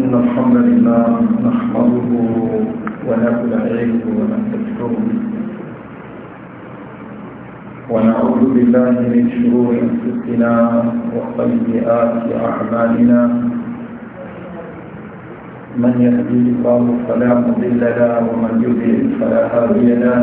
إن الحمد لله نحمده ونبلعه ونستشكره ونعوذ بالله من شرور أنفسنا وسيئات أعمالنا من يهديه الله فلا مضل له ومن يضلل فلا هادي له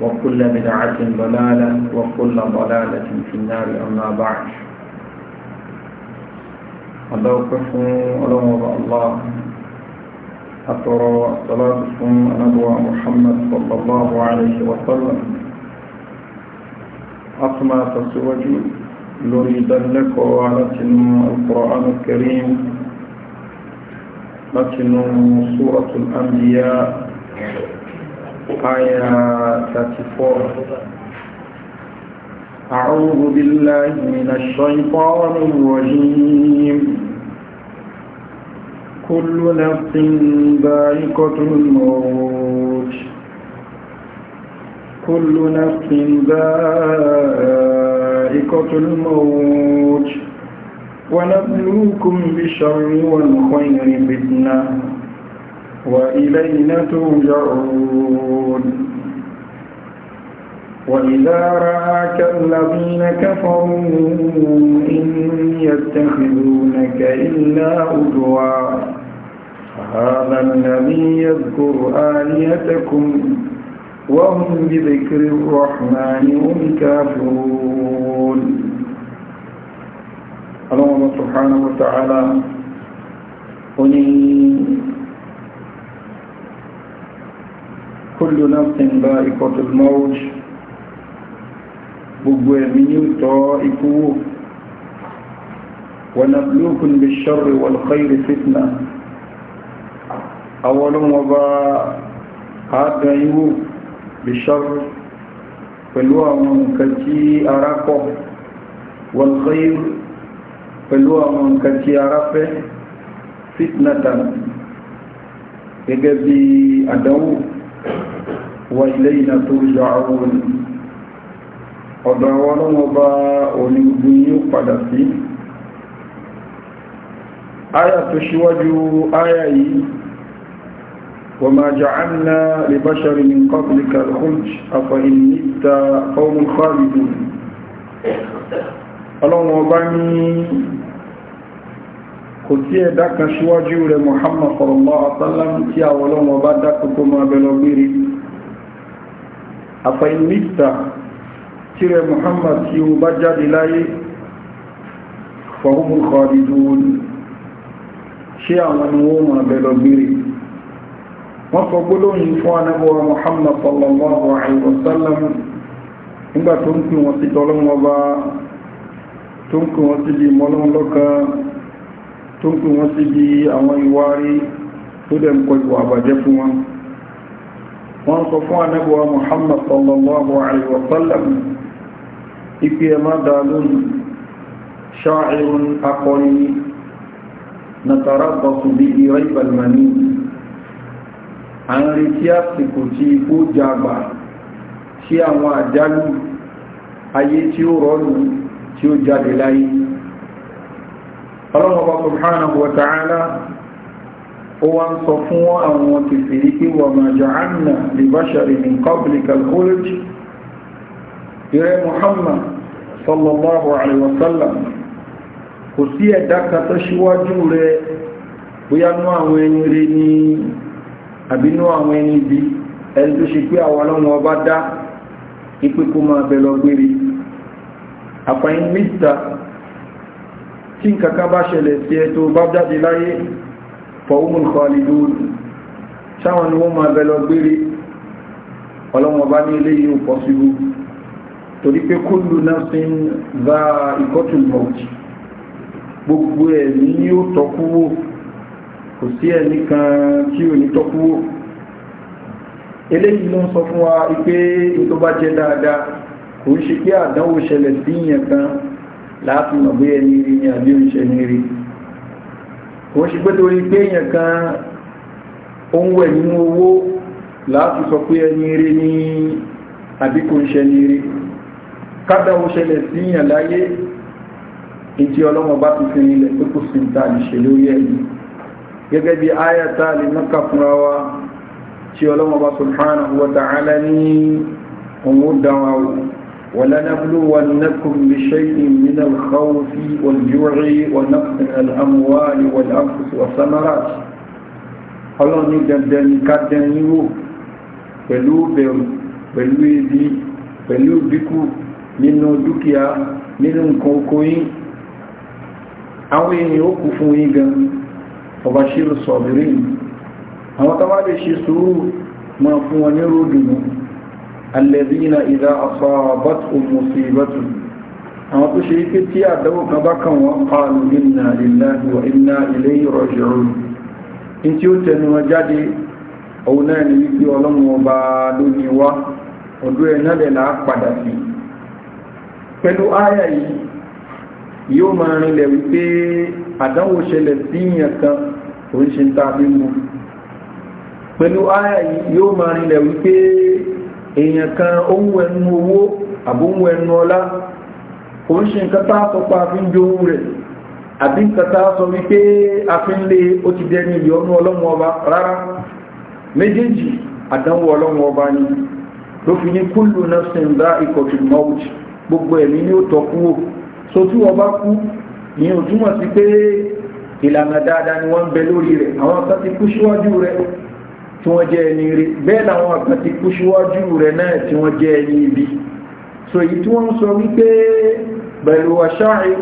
وكل بدعة ضلالة وكل ضلالة في النار أما بعد أدوكف ألوم الله أترى الصلاة نبوة محمد صلى الله عليه وسلم أطمع تسوجي نريد لك على القرآن الكريم لكن سورة الأنبياء آية 34 أعوذ بالله من الشيطان الرجيم كل نفس ذائقة الموت كل نفس ذائقة الموت ونبلوكم بالشر والخير فتنه وإلينا ترجعون وإذا رآك الذين كفروا إن يتخذونك إلا أدوى هذا الذي يذكر آليتكم وهم بذكر الرحمن هم كافرون الله سبحانه وتعالى كل نفس ذائقة الموت gbogbo ẹ̀mí ní ìtọ́ ikú wò wọ́n lókun bí ṣọ́rì wọ́n kọ́ìrì fitna àwọn olóhun bá àádọ́ ihò bí ṣọ́rì pẹ̀lú àwọn nǹkan tí ara kọ̀ wọ́n kọ́ìrì pẹ̀lú àwọn nǹkan tí ara fẹ́ fitna tàn gẹ́gẹ́ bí àdánwò وإلينا ترجعون ọ̀dọ̀ àwọn ọlọ́mọba onígbùn yóò padà sí aya tó ṣíwájú aya yìí وما جعلنا لبشر من قبلك الخلج أفإن مت فهم خالدون ọlọ́mọba ní kò tí ẹ̀dá kan ṣíwájú rẹ̀ Muhammad sallallahu alaihi wasallam tí àwọn ọlọ́mọ bá dákòókò máa bẹ lọ gbére àfàìn mítà tí rẹ̀ Muhammad tí ó bá jáde láyé fọ̀húnmù khalidun ṣé àwọn ni wọ́n máa bẹ lọ gbére wọ́n sọ gbólóyìn fún anábọ̀wá Muhammad sallallahu alaihi wasallam nígbà tó ń pè wọ́n sí tọ́lọ́mọba tó ń pè wọ́n sí di mọ́lọ́mọ́lọ́kan tó ń pè wọ́n sí bí àwọn ìwà rí tó dẹ̀ ń kọ ìwà àbàjẹ́ fún wọn wọ́n sọ fún anábọ̀wá Muhammad sallallahu alaihi wa sallam ipi ẹ má dá lónìí ṣáàrùn akọni nàtàrà bọ̀sùn bí ìrẹ́ ìbàlmání à ń retí àsìkò tí ikú jàgbà sí àwọn àjálù ayé tí ó rọrùn tí ó jáde láyé ọlọ́mọba subhanahu wa ta'ala ó wá ń sọ fún àwọn kìfìrí pé wà máa jọ àmìnà lè bá ṣàrí ní kọ́bìlìkàl kólẹ́jì ìrẹ́ muhammad sallallahu alaihi wasallam kò sí ẹ̀dá kan tó ṣíwájú tí nǹkankan bá ṣẹlẹ̀ sí ẹ tó bá jáde láyé fọwọ́mùn kọlìdún sáwọn ni wọ́n máa bẹ lọ gbére ọlọ́wọ́n bá ní ilé yìí pọ̀ síbú torí pé kúlù náà sí ń bá ìkọ́tùn gbogbo ẹ̀ ní ó tọ́kúwò kò sí ẹ̀ nìkan tí ò ní tọ́kúwò eléyìí ló ń sọ fún wa pé tó bá jẹ́ dáadáa kò ń ṣe pé àdánwò ṣẹlẹ̀ sí ìyẹn kan láti mọ̀ bí ẹni rí ní àbí òṣè ní rí kò ṣe pé torí pé èèyàn kan ó ń wẹ̀ nínú owó láti sọ pé ẹni rí ní àbí kò ní rí kádà ó ṣẹlẹ̀ sí èèyàn láyé ìtì ọlọ́mọ bá ti fi ilẹ̀ pé kò sí ta ìṣe lórí ẹ̀yìn gẹ́gẹ́ bí ayata lè mọ́kà fúnra wa tí ọlọ́mọ bá subhanahu wa ta'ala ní òun ó dáwọn àwọn ولنبلونكم بشيء من الخوف والجوع ونقص من الأموال والأنفس والثمرات ọlọ́run ní dandan ní ká dẹni wò pẹ̀lú bẹ̀rù pẹ̀lú ebi pẹ̀lú bíkú nínú dúkìá nínú nǹkan oko yín àwọn èèyàn ó kú fún yín gan ọba ṣírò sọ̀bìrín àwọn tó ṣe sùúrù máa fún wọn ní ròdùnú alẹ́dínà ìdá àfàbàtò mùsùlùmí àwọn tó ṣe ike tí àdáwò kan bá kàn wọ́n pààlù inna lillahi wa inna ilayhi raji'un in tí ó tẹnu wọn jáde òun náà ni wípé ọlọ́run ọba ló ní wá ọdún ẹ̀ náà èèyàn kan ohun ẹnu owó àbóhun ẹnu ọlá kò ń ṣe nǹkan tá a fi ń jó ohun rẹ̀ àbí nǹkan tá sọ wípé a fi ń lé ó ti dẹni ìyọnu ọlọ́run ọba rárá méjèèjì àdánwò ọlọ́run ọba ni ló fi ní kúlù náà sin dá ìkọ̀tù mọ́wùtì gbogbo ẹ̀mí ni ó tọ́ kúrò so tí wọ́n bá kú ìyẹn ò túmọ̀ sí pé ìlànà dáadáa ni wọ́n ń bẹ lórí rẹ̀ àwọn kan ti kú síwájú rẹ̀ tí wọ́n jẹ́ ẹni rí bẹ́ẹ̀ làwọn àgbà ti kú síwájú rẹ̀ náà tí wọ́n jẹ́ ẹni ibi so èyí tí wọ́n sọ wípé pẹ̀lú àṣáàrí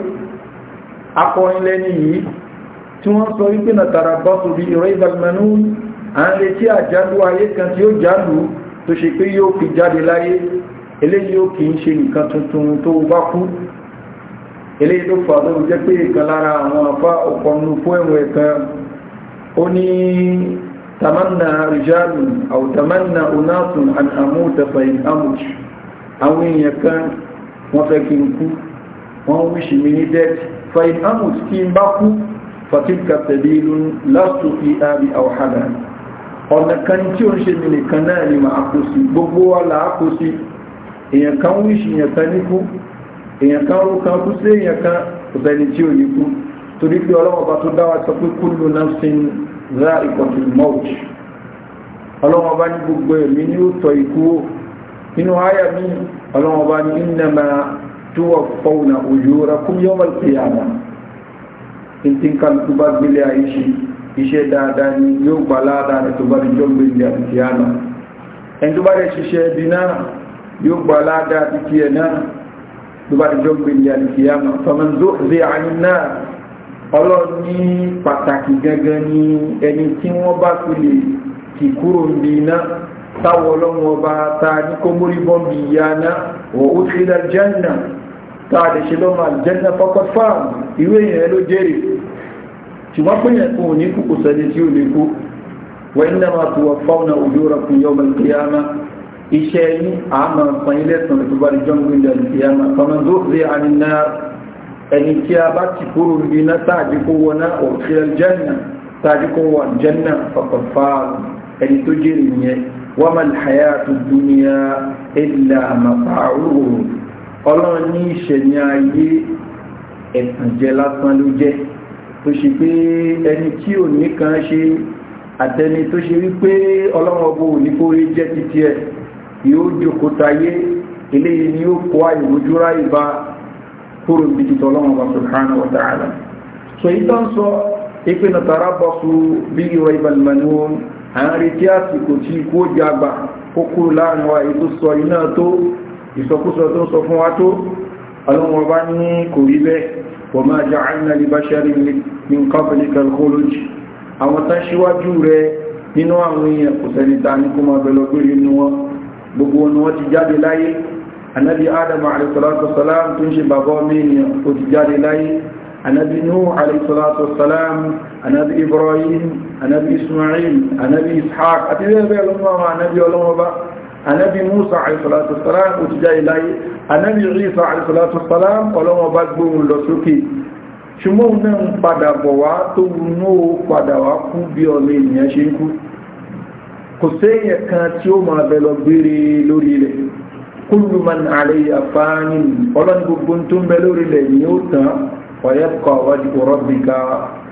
akọrin yìí tí wọ́n sọ wípé na tàrà bá torí ìrọ̀ ìgbàlmẹ́nú à ń retí àjálù ayé kan tí ó jálù tó ṣe pé yóò fi jáde láyé eléyìí ó kìí ṣe nǹkan tuntun tó bá kú eléyìí ló fà lórí jẹ́ pé ìkan lára àwọn àfá ọkọ̀ nù fún ẹ̀kan ó ní tamanna rijalu aw tamanna unasun an amuta fa in amut àwọn èèyàn kan wọ́n fẹ́ kí n kú wọ́n wíṣì mi ní death fa in amut kí n bá kú fatilka sabilun lastu fi abi aw hada ọ̀nà kan tí ó ń ṣe mi nìkan náà ni màá kó sí gbogbo wa là kan wíṣì èèyàn kan ní kú kan ó kan kú sí èèyàn kan kò sẹ́ni tí ò ní kú torí pé ọlọ́wọ́ bá tó dá wa sọ pé kullu nafsin ra ìkọ̀tù mọ́ọ̀tù ọlọ́wọ́n bá ní gbogbo ẹ̀mí ní ó tọ́ ikú ó inú àyà mi ọlọ́wọ́n bá ní innama tuwaffawna ujurakum yawmal qiyamah tí kálukú bá gbélé àyíṣe iṣẹ́ dáadáa ni yóò gbà ládàá rẹ̀ tó bá ti jọ gbélé àtìyàmà ẹni tó bá rẹ̀ ṣiṣẹ́ ẹbí náà yóò gbà ládàá títí ẹ̀ náà tó bá ti jọ gbélé àtìyàmà faman zuhziha ọlọ́run ní pàtàkì gangan ní ẹni tí wọ́n bá fi lè kì kúrò níbi iná táwọn ọlọ́run ọba ta ní kó mórí bọ́m̀bì ìyá iná wọ́n ó ti lẹ́ jẹ́nà tá a lè ṣe lọ́mọ àjẹ́nà fọ́kọ́ fáàmù ìwé yẹn ló jèrè ṣùgbọ́n pé yẹn kò ní kú kò sẹ́ni tí ò lè kú wọ́n iná máa tó wọ fáwọn òjòrò fún yọmọ ìkẹyàmá iṣẹ́ yín àmọ̀ ọ̀sán ilé ẹ̀sán ìtúbàdìjọ́ ń gbé ìdàlùkẹyàmá ẹni tí a bá ti kúrò níbi iná tàbí kó wọ náà òfin aljanna tàbí kó wọ aljanna faqad faz ẹni tó jèrè nìyẹn wa mal hayatud dunya illa mata'ul ọlọ́run ní ìṣẹ̀yìn ayé ẹ̀tànjẹ lásán ló jẹ́ tó ṣe pé ẹni tó ṣe wípé ọlọ́run yóò jòkótayé eléyìí ni yóò kó àìrójúra ìbá kúrò ní ìtọ́ ọlọ́run wa subhanahu wa ta'ala so ìtọ́ ń sọ ipe na tara bọ̀ su bí ìwà ìbàlùmọ̀nù à ń retí àsìkò tí ikú ó jẹ àgbà ó kúrò láàrin wa èyí sọ iná tó ìsọkúsọ tó sọ fún wa tó ọlọ́run bá ní kò rí bẹ́ẹ̀ wa ma ja'alna li basharin min qablika al-khuluj àwọn tán síwájú rẹ̀ nínú àwọn èèyàn kò sẹ́ni ta ní kó máa bẹ̀lọ́gbé nínú wọn gbogbo wọn ni wọ́n ti jáde láyé anabi adam alayhisalatu wasalam tó ń ṣe bàbá ọmọ ènìyàn tó ti jáde láyé anabi nuh alayhisalatu wasalam anabi ibrahim anabi ismail anabi ishaq àti bẹ́ẹ̀ bẹ́ẹ̀ lọ́nà àwọn anabi ọlọ́wọ́ bá anabi musa alayhisalatu wasalam tó ti jáde láyé anabi isa alayhisalatu wasalam ọlọ́wọ́ bá gbóhùn lọ sókè ṣùgbọ́n náà ń padà bọ̀ wá tó wunú padà wá kú bí ọmọ ènìyàn ṣe ń kú kò séèyàn kan tí ó máa bẹ gbére lórí ilẹ̀ kullu man alayha fanin ọlọ́ni gbogbo tó ń bẹ lórí ilẹ̀ ni ó tán wa yabqa wajhu rabbika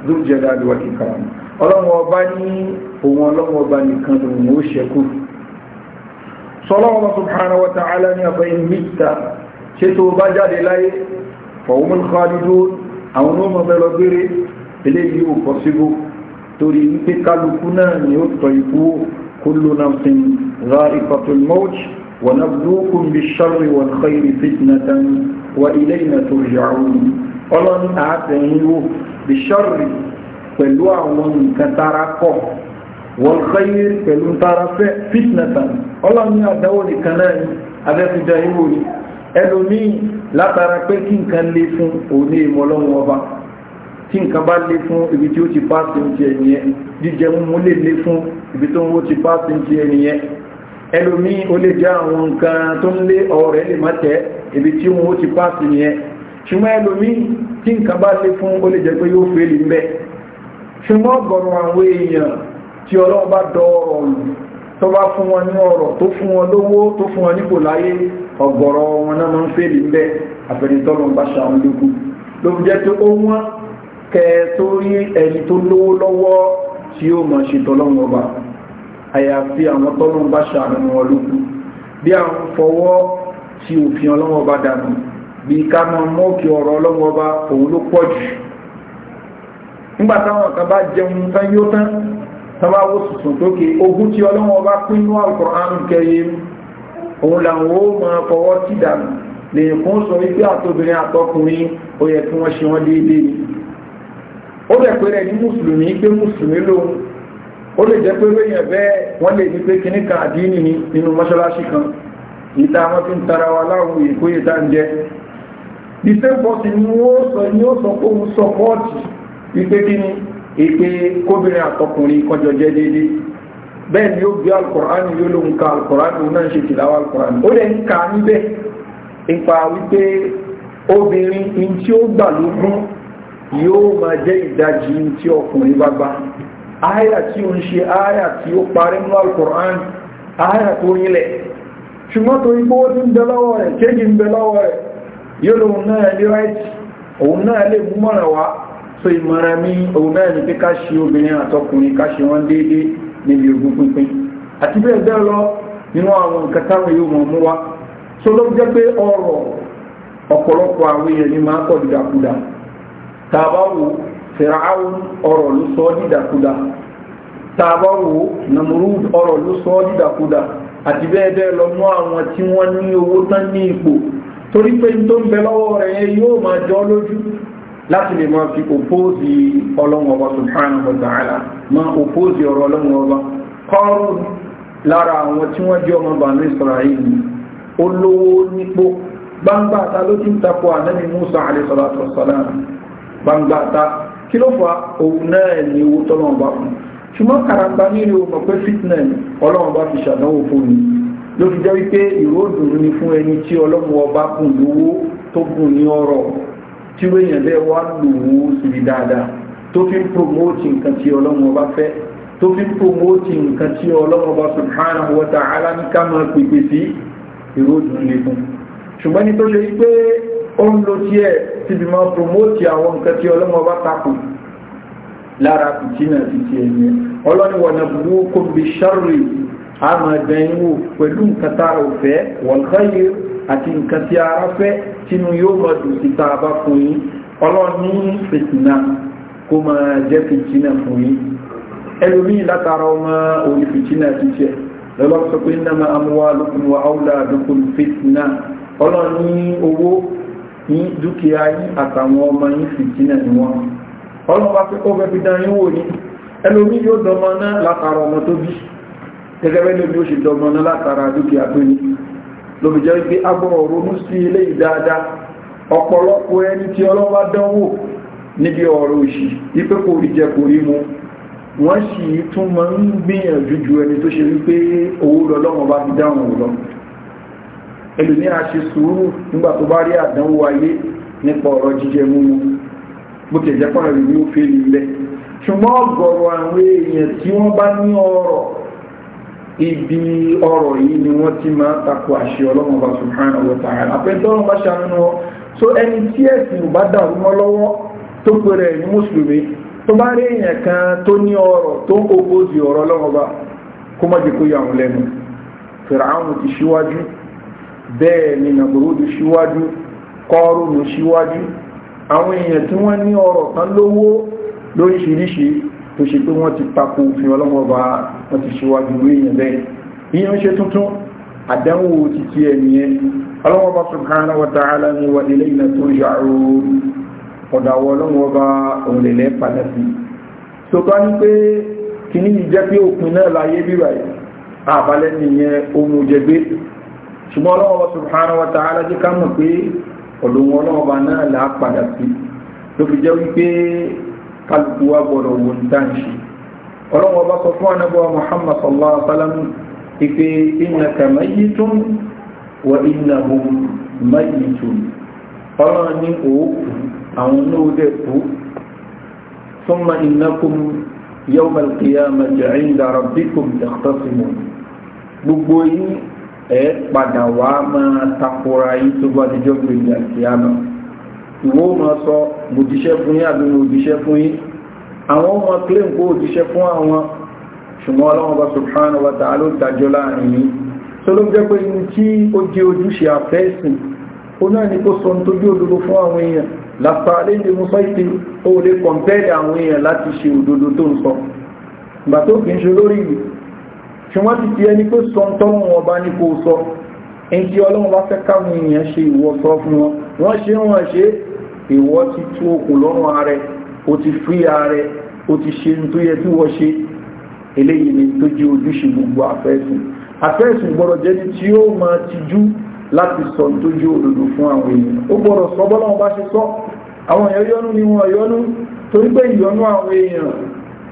dhul jalali wal ikram ọlọ́run ọba ní òun ọlọ́run ọba nìkan lòun ó ṣẹ́kù sọlọ́wọ́ subhanahu wa ta'ala ní ọba ìmìta ṣe tó bá jáde láyé ونبلوكم بالشر والخير فتنة وإلينا ترجعون ọlọ́ni àtẹ̀yìn wo bìṣọ́rì pẹ̀lú àwọn nǹkan tara kọ̀ wọ́n xeyí pẹ̀lú tara fẹ́ fitnatan ọlọ́ni àdáwò nìkan náà ni abẹ́fíjà ìwò ni ẹlòmíì látara pé kí nǹkan lé fún òní ìmọ̀lọ́wọ́ ọba tí nǹkan bá lé fún ibi tí ó ti pàṣẹ ti ẹ̀yìn ẹ̀ jíjẹ mú lè lé fún ibi tó ń wó ti pàṣẹ ti ẹ̀yìn ẹ̀ ẹlòmí o lè jẹ́ àwọn nǹkan tó ń lé ọ̀rẹ́ lè má tẹ́ ibi tí wọ́n ti pàṣì yẹn ṣùgbọ́n ẹlòmí tí nǹkan bá lé fún o lè jẹ́ pé yóò fèlè ń bẹ̀ ṣùgbọ́n gọ̀rọ̀ àwọn èèyàn tí ọlọ́run bá dọ̀ọ̀rọ̀ tó bá fún wọn ní ọ̀rọ̀ tó fún wọn lówó tó fún wọn nípò láyé ọ̀gọ̀rọ̀ wọn náà máa ń fèlè ń bẹ̀ àfẹnitọ́lọ́n bá ṣàwọn àyàfi àwọn tọ́lọ́n bá ṣàánú wọn lókù bí a ń fọwọ́ tí òfin ọlọ́wọ́ bá dànù bí ká mọ mọ́ọ̀kì ọ̀rọ̀ ọlọ́wọ́ bá òun ló pọ̀ jù nígbà táwọn kan bá jẹun tán yóò tán tán bá wó tuntun tókè ogún tí ọlọ́wọ́ bá pín ní Al-Qur'an Karim òun làwọn ó máa fọwọ́ tì dànù lèyìn fún sọ wípé àtobìnrin àtọkùnrin ó yẹ kí wọ́n ṣe wọ́n déédéé ó bẹ̀ pé ní mùsùlùmí pé mùsùlùmí lòun ó lè jẹ́ pé lóyìn ẹ̀bẹ́ wọ́n lè ní pé kíní kan àdínì ni nínú mọ́ṣáláṣí kan ìta wọn fi ń tara wa láwọn ìkóyè tá ń jẹ ìfẹ́pọ̀sì ni ó sọ ní ó sọ pé òun sọpọ́ọ̀tì wípé kí ni èpè kóbìnrin àtọkùnrin kọjọ jẹ déédé bẹ́ẹ̀ ni ó gbé alkùránì yóò ló ń ka alkùránì òun náà ṣe tìláwà alkùránì ó lè ń ka níbẹ̀ ipa wípé obìnrin in tí ó gbà lógún yóò máa áyà tí ó ń ṣe áyà tí ó parí mú alkùnrán áyà tó rílẹ̀ ṣùgbọ́n tó ipò ó ti ń bẹ lọ́wọ́ rẹ̀ kéjì ń bẹ rẹ̀ yóò lóun náà lè òun náà lè mú mọ́ra wá so ìmọ̀ra mi òun náà ní pé ká ṣe obìnrin àtọkùnrin ká ṣe wọ́n déédéé níbi so ló jẹ́ pé ọ̀rọ̀ ọ̀pọ̀lọpọ̀ àwọn èèyàn ni máa pọ̀ dídàkudà fìràáhùn ọ̀rọ̀ ló sọ dídàkudà tàbáwò namrud ọ̀rọ̀ ló sọ dídàkudà àti bẹ́ẹ̀ bẹ́ẹ̀ lọ mọ́ àwọn tí wọ́n ní owó tán ní ipò torí pé tó ń bẹ lọ́wọ́ rẹ̀ yẹn yóò máa jọ lójú láti lè fi òpóòsì ọlọ́run subhanahu wa ta'ala ma òpóòsì lára àwọn tí wọ́n jẹ́ ta ló ti ń takò musa kí ló fa òun náà ní owó tọ́lọ́wọ́n bá fún ṣùgbọ́n karamba nílé o mọ̀ pé fitna ọlọ́wọ́n bá fi ṣàdánwò fún mi ló fi jẹ́ wípé ìró òdùnnú ni fún ẹni tí ọlọ́wọ́n ọba kùn lówó tó gùn ní ọrọ̀ tí wọ́n èèyàn bẹ́ẹ̀ wá lò ó síbi dáadáa tó fi ń promote nǹkan tí ọlọ́wọ́n ọba fẹ́ tó fi ń promote nǹkan tí ọlọ́wọ́n ọba subhanahu wa ta'ala ní ká máa pèpè sí ìró òdùnnú ni fún ṣùgbọ́n ní tó ṣe pé ó ń tí ẹ̀ ti bí máa promote àwọn nǹkan tí ọlọ́mọ bá takò lára kùtínà ti ti ẹ̀yẹ ọlọ́ni wọ̀nà burú kó bí sharri a máa dẹ̀yìn wò pẹ̀lú nǹkan tá a ò fẹ́ wal khayr àti nǹkan tí ara fẹ́ tínú yóò máa dùn sí tá a bá fún yín ọlọ́ni fìtìnà kó máa jẹ́ fìtìnà fún yín ẹlòmíì látara ọmọ òní fìtìnà ti tiẹ̀ lọ́lọ́ sọ pé innama amwalukum wa awladukum fìtìnà ọlọ́ni owó ní dúkìá yín àtàwọn ọmọ yín fìtínà ni wọ́n ọlọ́run bá pé ó fẹ́ fi dán yín wò ní ẹlòmí yóò dọmọ náà látara ọmọ tó bí gẹ́gẹ́ bẹ́ẹ̀ lómi ó ṣe dọmọ náà látara dúkìá tó ní lómi jẹ́ pé agbọ́rọ̀ ronú sí ilé ìdáadáa ọ̀pọ̀lọpọ̀ ẹni tí ọlọ́run dánwò níbi ọ̀rọ̀ òṣì ipé kò rí jẹ kò rí mu wọ́n sì tún máa ń gbìyànjú ju ẹni tó ṣe wípé owó lọ́lọ́run bá fi dáhùn lọ ẹlòmíràn ṣe sùúrù nígbà tó bá rí àdánwò ayé nípa ọ̀rọ̀ jíjẹ múmu bó ti ẹ̀jẹ̀ pọ̀nrẹ̀ ní ó fẹ́ nílẹ̀ ṣùgbọ́n ọ̀gọ̀rọ̀ àwọn èèyàn tí wọ́n bá ní ọrọ̀ ibi ọrọ̀ yìí ni wọ́n ti máa tako àṣẹ ọlọ́run bá wa ta'ala àpẹtọ́rọ̀ bá ṣàánú wọn so ẹni tí ẹ̀sìn ò bá dàrú mọ́ lọ́wọ́ tó pèrè ní mùsùlùmí tó bá rí èèyàn kan tó ní ọrọ̀ tó ti ṣíwájú bẹ́ẹ̀ ni nàbòròdù síwájú kọ́rùnù síwájú àwọn èèyàn tí wọ́n ní ọrọ̀ kan lówó lóríṣiríṣi tó ṣe pé wọ́n ti tako òfin ọlọ́mọba wọ́n ti síwájú èèyàn bẹ́ẹ̀ ìyẹn wa ta'ala ni wa ilayna turja'un ọ̀dàwọ̀ ọlọ́mọba òǹlẹ̀lẹ́ padà sí tó bá ní pé kìíní ìjẹ́ pé òpin náà láyé bíbáyìí àbálẹ́ nìyẹn ṣùgbọ́n ọlọ́wọ́ subhanahu wa ta'ala jẹ́ ká mọ̀ pé ọ̀lọ́wọ́ ọlọ́wọ́ bá náà là á padà sí ló fi jẹ́ wípé kálukú wa gbọ́dọ̀ wò ń dá ń ṣe ọlọ́wọ́ bá sọ fún anábọ́wá muhammad sallallahu إنكم يوم القيامة عند ربكم تختصمون gbogbo yín ẹ padà wá máa takora yín tó bá ti jọ pé ní àkíyàmà ìwọ máa sọ mo jíṣẹ́ fún yín àbí mo jíṣẹ́ fún yín àwọn ọmọ claim kó jíṣẹ́ fún àwọn ṣùgbọ́n ọlọ́run bá subhanahu wa ta'ala ló dájọ́ láàrin yín tó ló jẹ́ pé ní tí ó jẹ́ ojúṣe àfẹ́sìn ó náà ní kó sọ ní tójú òdodo fún àwọn èèyàn lápá léde mú sọ ìpè ó lè kọ̀ǹpẹ́ẹ̀lì àwọn èèyàn láti ṣe òdodo tó ń sọ ìgbà tó kì í ṣe lórí ìlú tí wọ́n ti fi ẹni pé sọ tọ́lọ́wọ́n ọba ní kò sọ ẹni tí ọlọ́wọ́n bá fẹ́ káwọn èèyàn ṣe ìwọ sọ fún wọn wọ́n ṣe wọ́n ṣe ìwọ ti tú okùn lọ́rùn ààrẹ o ti fí ààrẹ o ti ṣe tó yẹ tí wọ́n ṣe eléyìí ni tó jẹ́ ojúṣe gbogbo àfẹ́sùn àfẹ́sùn gbọ́dọ̀ jẹ́ tí ó máa tijú láti sọ tó jẹ́ òdodo fún àwọn èèyàn ó gbọ́dọ̀ sọ bọ́lọ́wọ́n bá ṣe sọ àwọn èèyàn yọnu ni wọn yọnu torí pé ìyọnu àwọn èèyàn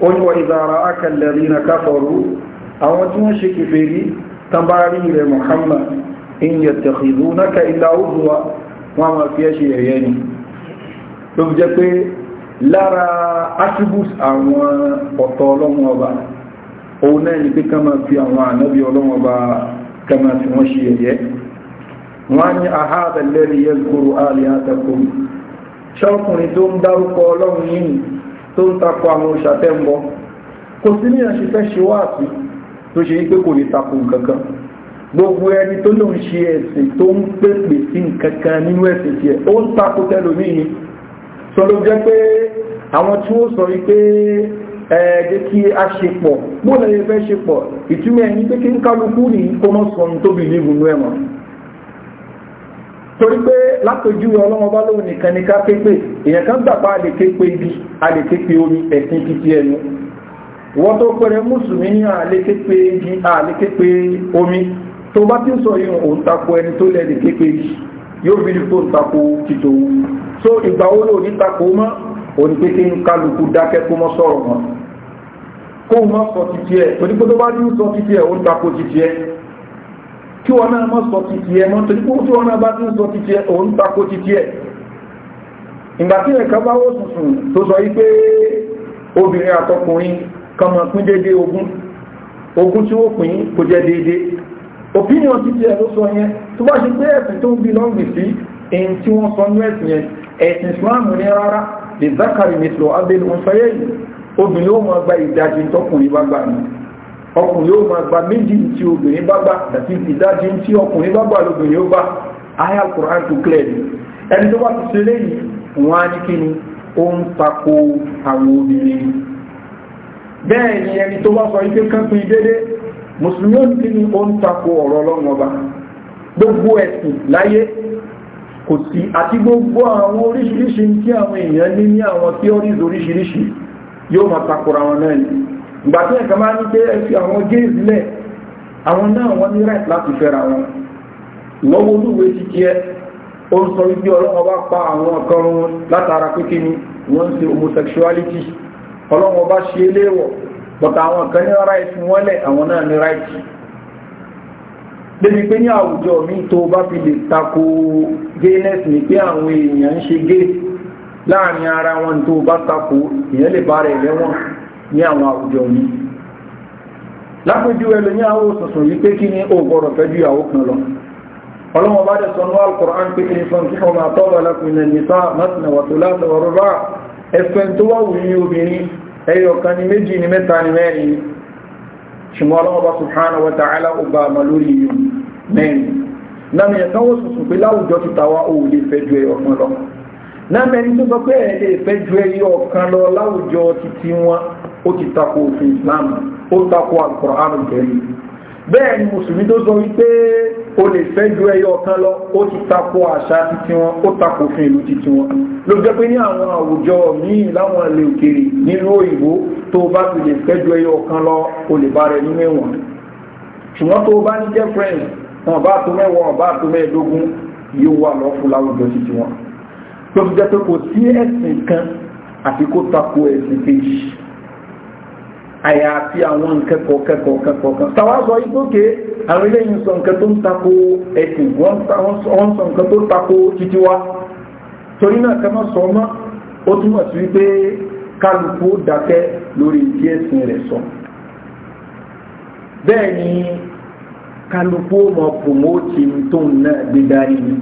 ó ní wọ́n ìdára akẹ́lẹ̀rí na káfọ̀rú àwọn tí wọ́n ṣe kèfèrí tambari rẹ̀ Muhammad in yattakhidunaka illa huzwa wọ́n máa fi ẹ́ṣe ẹ̀yẹ́ ni ló fi jẹ́ pé lára attributes àwọn ọ̀tọ̀ ọlọ́run ọba òun náà ni pé ká máa fi àwọn ànábì tó ń takọ àwọn òṣàfẹ́ ń bọ́ kò sí ní àṣìfẹ́ ṣe wá àti tó ṣe pé kò lè takò nǹkankan gbogbo ẹni tó ló ń ṣe ẹ̀sìn tó ń pèpè sí nǹkankan nínú ẹ̀sìn tiẹ̀ ó ń takò tẹ́lòmíì ni sọ ló jẹ́ pé àwọn tí ó sọ wípé ẹ̀ẹ́dẹ́ kí a ṣe pọ̀ bó lẹ́yẹ fẹ́ ṣe pọ̀ ìtumọ̀ ẹni pé kí ń kálukú ní kó mọ́ sọ ní tóbi níbùnú ẹ̀mọ́ torí pé látòjú ọlọ́wọ́n bá lóun nìkan ní ká képe èèyàn kan gbàgbá a lè képe ibi a lè képe omi ẹ̀sìn títí ẹnu wọ́n tó pẹ̀rẹ̀ mùsùlùmí ní a lè képe ibi a lè képe omi tó bá ti ń sọ yìí òun tako ẹni tó lẹ́ lè képe ibi yóò bí ní tó ń tako títò so ìgbà wo ló ní tako mọ́ òun pé kí n kálukú dákẹ́ kó mọ́ sọ̀rọ̀ mọ́ kó mọ́ sọ títí ẹ̀ torí pé tó bá ti ń sọ títí ẹ̀ òun tako títí ẹ̀ kí wọn náà mọ́ sọ títí ẹ mọ́ torí púpọ̀ tí wọn náà bá ti ń sọ títí ẹ òun tako títí ẹ ìgbà tí ẹ̀ka bá wó sùsùn tó sọ yí pé obìnrin àtọkùnrin kan mọ̀ pín déédéé ogún ogún tí ó pín kò jẹ́ déédéé opinion títí ẹ ló sọ yẹn tó bá ṣe pé ẹ̀sìn tó ń bí lọ́ngì sí ẹni tí wọ́n sọ ní ẹ̀sìn yẹn ẹ̀sìn Islam ní rárá lè zákàrí mẹ́sìlọ́ abẹ́lú ń yìí obìnrin ó mọ̀ gba ìdajì tọkùnrin bá gbà ní ọkùnrin ó máa gba méjì tí obìnrin bá gbà àti ìdájí tí ọkùnrin bá lóbìnrin ó bá ni ẹni tó bá ti ṣe wọn á ní kíni ó ń tako àwọn obìnrin bẹ́ẹ̀ ni ẹni tó bá sọ ike dédé mùsùlùmí ó ní kíni ó ń tako ọ̀rọ̀ ọba gbogbo ẹ̀sìn láyé kò sí àti gbogbo àwọn oríṣiríṣi tí àwọn èèyàn ní ní àwọn oríṣiríṣi yóò máa takora wọn ìgbà tí ẹ̀ka máa ń pé ẹ fi àwọn géèz lẹ̀ àwọn náà wọ́n ní right láti fẹ́ra wọn lọ́wọ́ olúwe ti tiẹ́ ó ń sọ wípé ọlọ́wọ́ bá pa àwọn kan wọn látara pé wọ́n ń homosexuality ọlọ́wọ́ bá ṣe é bọ̀tà àwọn kan ní right wọ́n lẹ̀ àwọn náà ní right débi pé ní àwùjọ mi tó bá fi lè tako gayness ni pé àwọn èèyàn ń ṣe gay láàrin ara wọn tó bá tako ìyẹn lè bá rẹ̀ ní àwọn àwùjọ òní lápẹjú ẹlò ní àwọn òsùnsùn yìí pé kí ni ó gbọ́dọ̀ fẹ́ ju ìyàwó kan lọ ọlọ́wọ́n bá dẹ̀ sọnú al-Qur'an pé kìí fọ́n kí wọ́n máa tọ́lọ̀ lápẹ̀lẹ̀ nìta mọ́tìnà wà tó látọ̀wọ̀ rọ́bà ẹ̀fẹ́ tó wà wù ní obìnrin ẹyọ kan ní námẹ́ni tó sọ pé ẹ̀ lè fẹ́ ju ẹyọ ọ̀kan lọ láwùjọ títí wọn ó ti tako òfin islam ó tako alkùránù kẹrin bẹ́ẹ̀ ni mùsùlùmí tó sọ wípé o lè fẹ́ ju ẹyọ ọ̀kan lọ ó ti tako àṣà títí wọn ó tako òfin ìlú títí wọn ló jẹ́ pé ní àwọn àwùjọ míì láwọn ilẹ̀ òkèèrè nínú òyìnbó tó bá ti lè fẹ́ ju ẹyọ ọ̀kan lọ o lè bá rẹ nínú ẹ̀wọ̀n ṣùgbọ́n tó bá ní jẹ́ friend wọn bá tó mẹ́wọ̀n bá tó mẹ́ẹ̀ẹ́dógún yóò wà lọ́fù láwùjọ títí wọn tó fi jẹ́ pé kò sí ẹ̀sìn kan àti kó tako ẹ̀sìn kejì àyàfi àwọn nkẹ́kọ̀ọ́ kẹ́kọ̀ọ́ kẹ́kọ̀ọ́ kan tàwa sọ ìgbókè àwọn eléyìí sọ nǹkan tó ń tako ẹ̀sìn wọ́n sọ nǹkan tó tako títí wa torí náà kẹ́mọ́ sọ mọ́ ó túmọ̀ sí wípé kálukú dákẹ́ lórí ìdí ẹ̀sìn rẹ̀ sọ bẹ́ẹ̀ ni kálukú mọ̀ pòmótì tóun náà gbé dání ni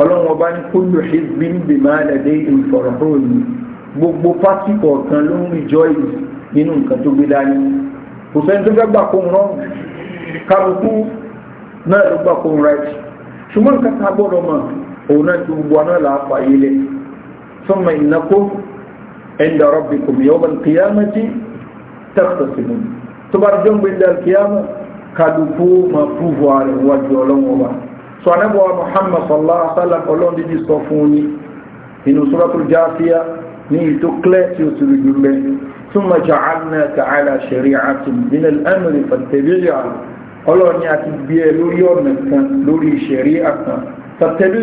ọlọ́run ọba ní kullu hizbin bima ladayhim farihun gbogbo pátì kọ̀ọ̀kan ló ń rìjọ́ yìí nínú nǹkan tó gbé dání kò sẹ́ni tó fẹ́ gbà kó ń rán kálukú náà ló gbà kó ń ra ẹ̀jẹ̀ ṣùgbọ́n nǹkan tá a gbọ́dọ̀ mọ̀ òun náà ju gbogbo àná làá fà yé lẹ̀ summa innakum inda rabbikum yawm al-qiyamati takhtasimun tó bá jọ́ gbé dal kìyàmà kálukú máa fúfú ààrẹ wájú ọlọ́run sọ̀nẹ́bọ̀ Muhammad sallallahu alaihi wasallam ọlọ́ndídí sọ fún ní inú suratul Jāthiyah ní ìtò klẹ́ tí ó ti rí jùlẹ̀ thumma ja'alnāka 'alā shari'atin min al-amri fattabi'hā ọlọ́ni àti gbé ẹ lórí tẹ̀lé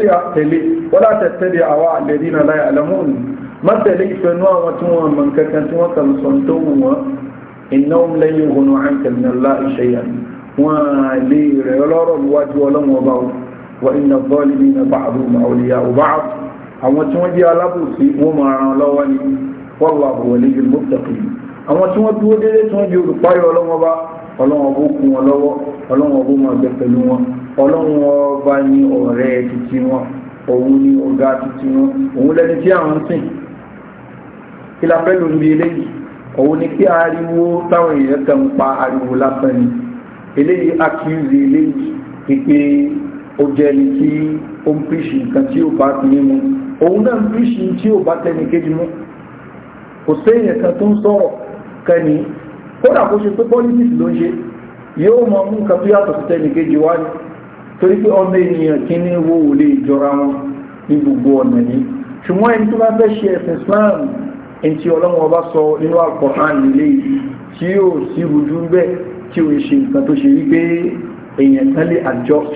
wọ́n láti tẹ̀lé àwọn alladhīna lā ya'lamūn má tẹ̀lé ìfẹ́nú àwọn tí wọ́n mọ̀ kankan tí wọ́n kàn sọ tó wù wọ́n innahum lan yughnū 'anka mina wọ́n lè rẹ̀ ọlọ́rọ̀ níwájú wa inna adh-dhalimina ba'duhum awliya'u ba'd àwọn tí wọ́n jẹ́ alábòsí wọ́n máa ran lọ́wọ́ ni wallahu waliyyul muttaqin àwọn tí wọ́n dúró déédéé tí wọ́n di olùpáyọ̀ ọlọ́wọ́ bá ọlọ́wọ́ bó kún wọn lọ́wọ́ ọlọ́wọ́ bó máa bẹ pẹ̀lú wọn ọlọ́wọ́ bá ní ọ̀rẹ́ títí wọn òun ní ọ̀gá títí wọn òun lẹ́ni tí àwọn sìn kí la fẹ́ lóun òun ni kí ariwo táwọn èèyàn kan pa ariwo lásán ni eléyìí accuse eléyìí pípé ó jẹ́ ẹni tí ó ń píṣì nǹkan tí ó bá ti ní mu òun náà ń píṣì tí ó bá tẹni kejì mu kò séèyàn kan tó ń sọ̀rọ̀ kẹni kódà kó ṣe pé politics ló ń ṣe yóò mọ mú nǹkan tó yàtọ̀ sí tẹni kejì wá ní torí pé ọmọ ènìyàn kí ní wo ò lè jọra wọn ní gbogbo ọ̀nà yìí ṣùgbọ́n ẹni tó bá fẹ́ ṣe ẹ̀sìn Islam ẹni tí ọlọ́run ọba sọ nínú al nílé tí yóò sí rújú bẹ́ẹ̀ tí ò ń ṣe nǹkan tó ṣe wípé èèyàn kan lè adjust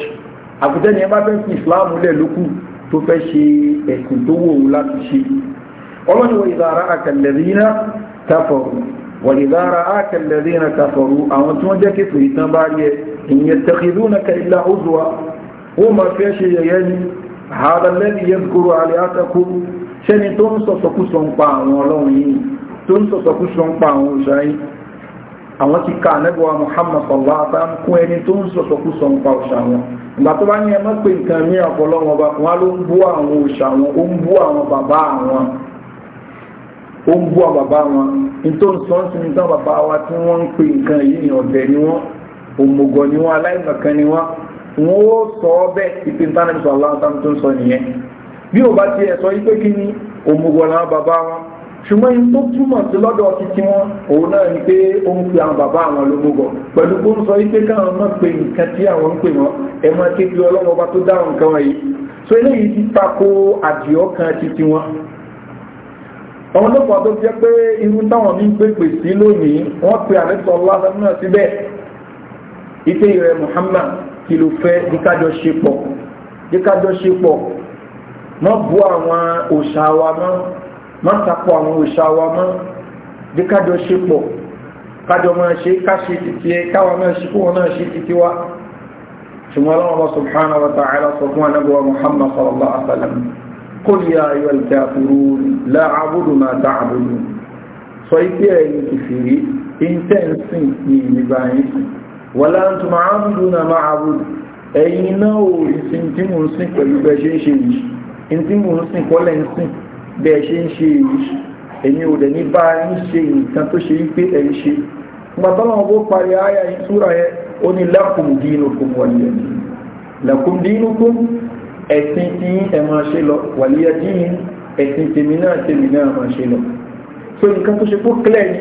àkùtẹ́ni ẹ bá fẹ́ fi ìsìláàmù lẹ̀ lókù tó fẹ́ ṣe ẹ̀sìn tó wò ó láti ṣe ọlọ́ni wọ ìdára àkàlẹ̀dínà káfọ̀rù wọ ìdára àkàlẹ̀dínà káfọ̀rù àwọn tí wọ́n jẹ́ kéfì ìtàn bá rí ẹ ìyẹn tẹ̀kìdúnà kẹlá òzùwa ó máa fẹ́ ṣe yẹ̀yẹ́ ni àádọ́lẹ́bí yẹn àwọn ti ka anẹ́gbọ́wà Muhammad sọ̀lá àtàwọn kún ẹni tó ń sọ̀sọ̀kú sọ ń pa òṣà wọn ìgbà tó bá ní ẹ mọ́ pé nǹkan mí ọ̀pọ̀lọ́wọ́ bá wọn ló ń bú àwọn òṣà wọn ó ń bú àwọn bàbá wọn ó ń bú àwọn bàbá wọn nítorí bàbá wa tí ń nǹkan yìí ní ni wọ́n òmùgọ̀ ni wọ́n aláìmọ̀kan ni wọ́n ó sọ ṣùgbọ́n in tó túmọ̀ sí lọ́dọ̀ títí wọn òun náà ni pé ó ń fi àwọn bàbá àwọn ló gbogbo pẹ̀lú kó ń sọ wípé káwọn máa pe nǹkan tí àwọn ń pè wọn ẹ máa ké bí ọlọ́wọ́ bá tó dáhùn nǹkan wọn yìí so eléyìí ti tako àdìọ́ kan títí wọn. àwọn ọlọ́pàá tó jẹ́ pé irú táwọn mi ń pèpè sí lónìí wọ́n pe àrẹ́sọ̀ lásán náà síbẹ̀ ìpè rẹ̀ Muhammad kí ló fẹ́ díkájọ́ ṣe pọ̀ díkájọ́ ṣe pọ̀ wọ́n bu àwọn òṣà wa náà má takò àwọn òòṣà wa mọ́ bí kájọ ṣe pọ̀ kájọ máa ṣe káṣe títí ẹ káwa náà ṣe kúwọn náà ṣe títí wa ṣùgbọ́n Allah subhanahu wa ta'ala sọ fún anábọ̀wá Muhammad sallallahu alaihi wa sallam qul ya ayyuhal kafirun la a'budu ma ta'budun sọ ike ẹ̀yìn kìfìrí intensin ní ìgbà yìí sìn wala antum a'abuduna ma a'budu ẹ̀yìn náà ò ìsìn tí mò ń sìn pẹ̀lú bẹ́ẹ̀ ṣe yìí ìsìn mò ń sìn kọ́lẹ̀ ń sìn bẹ́ẹ̀ ṣe ń ṣe èyí ẹ̀yin ò dẹ̀ ní bá ń ṣe nǹkan tó ṣe wípé ẹ̀ ń ṣe gbàtọ́lọ́wọ́ bó parí ayà yìí súra yẹ ó ní lakum dinukum waliya din lakum dinukum ẹ̀sìn tí ẹ máa ṣe lọ waliya din ẹ̀sìn tèmi náà tèmi náà máa ṣe lọ so nǹkan tó ṣe kó clear ni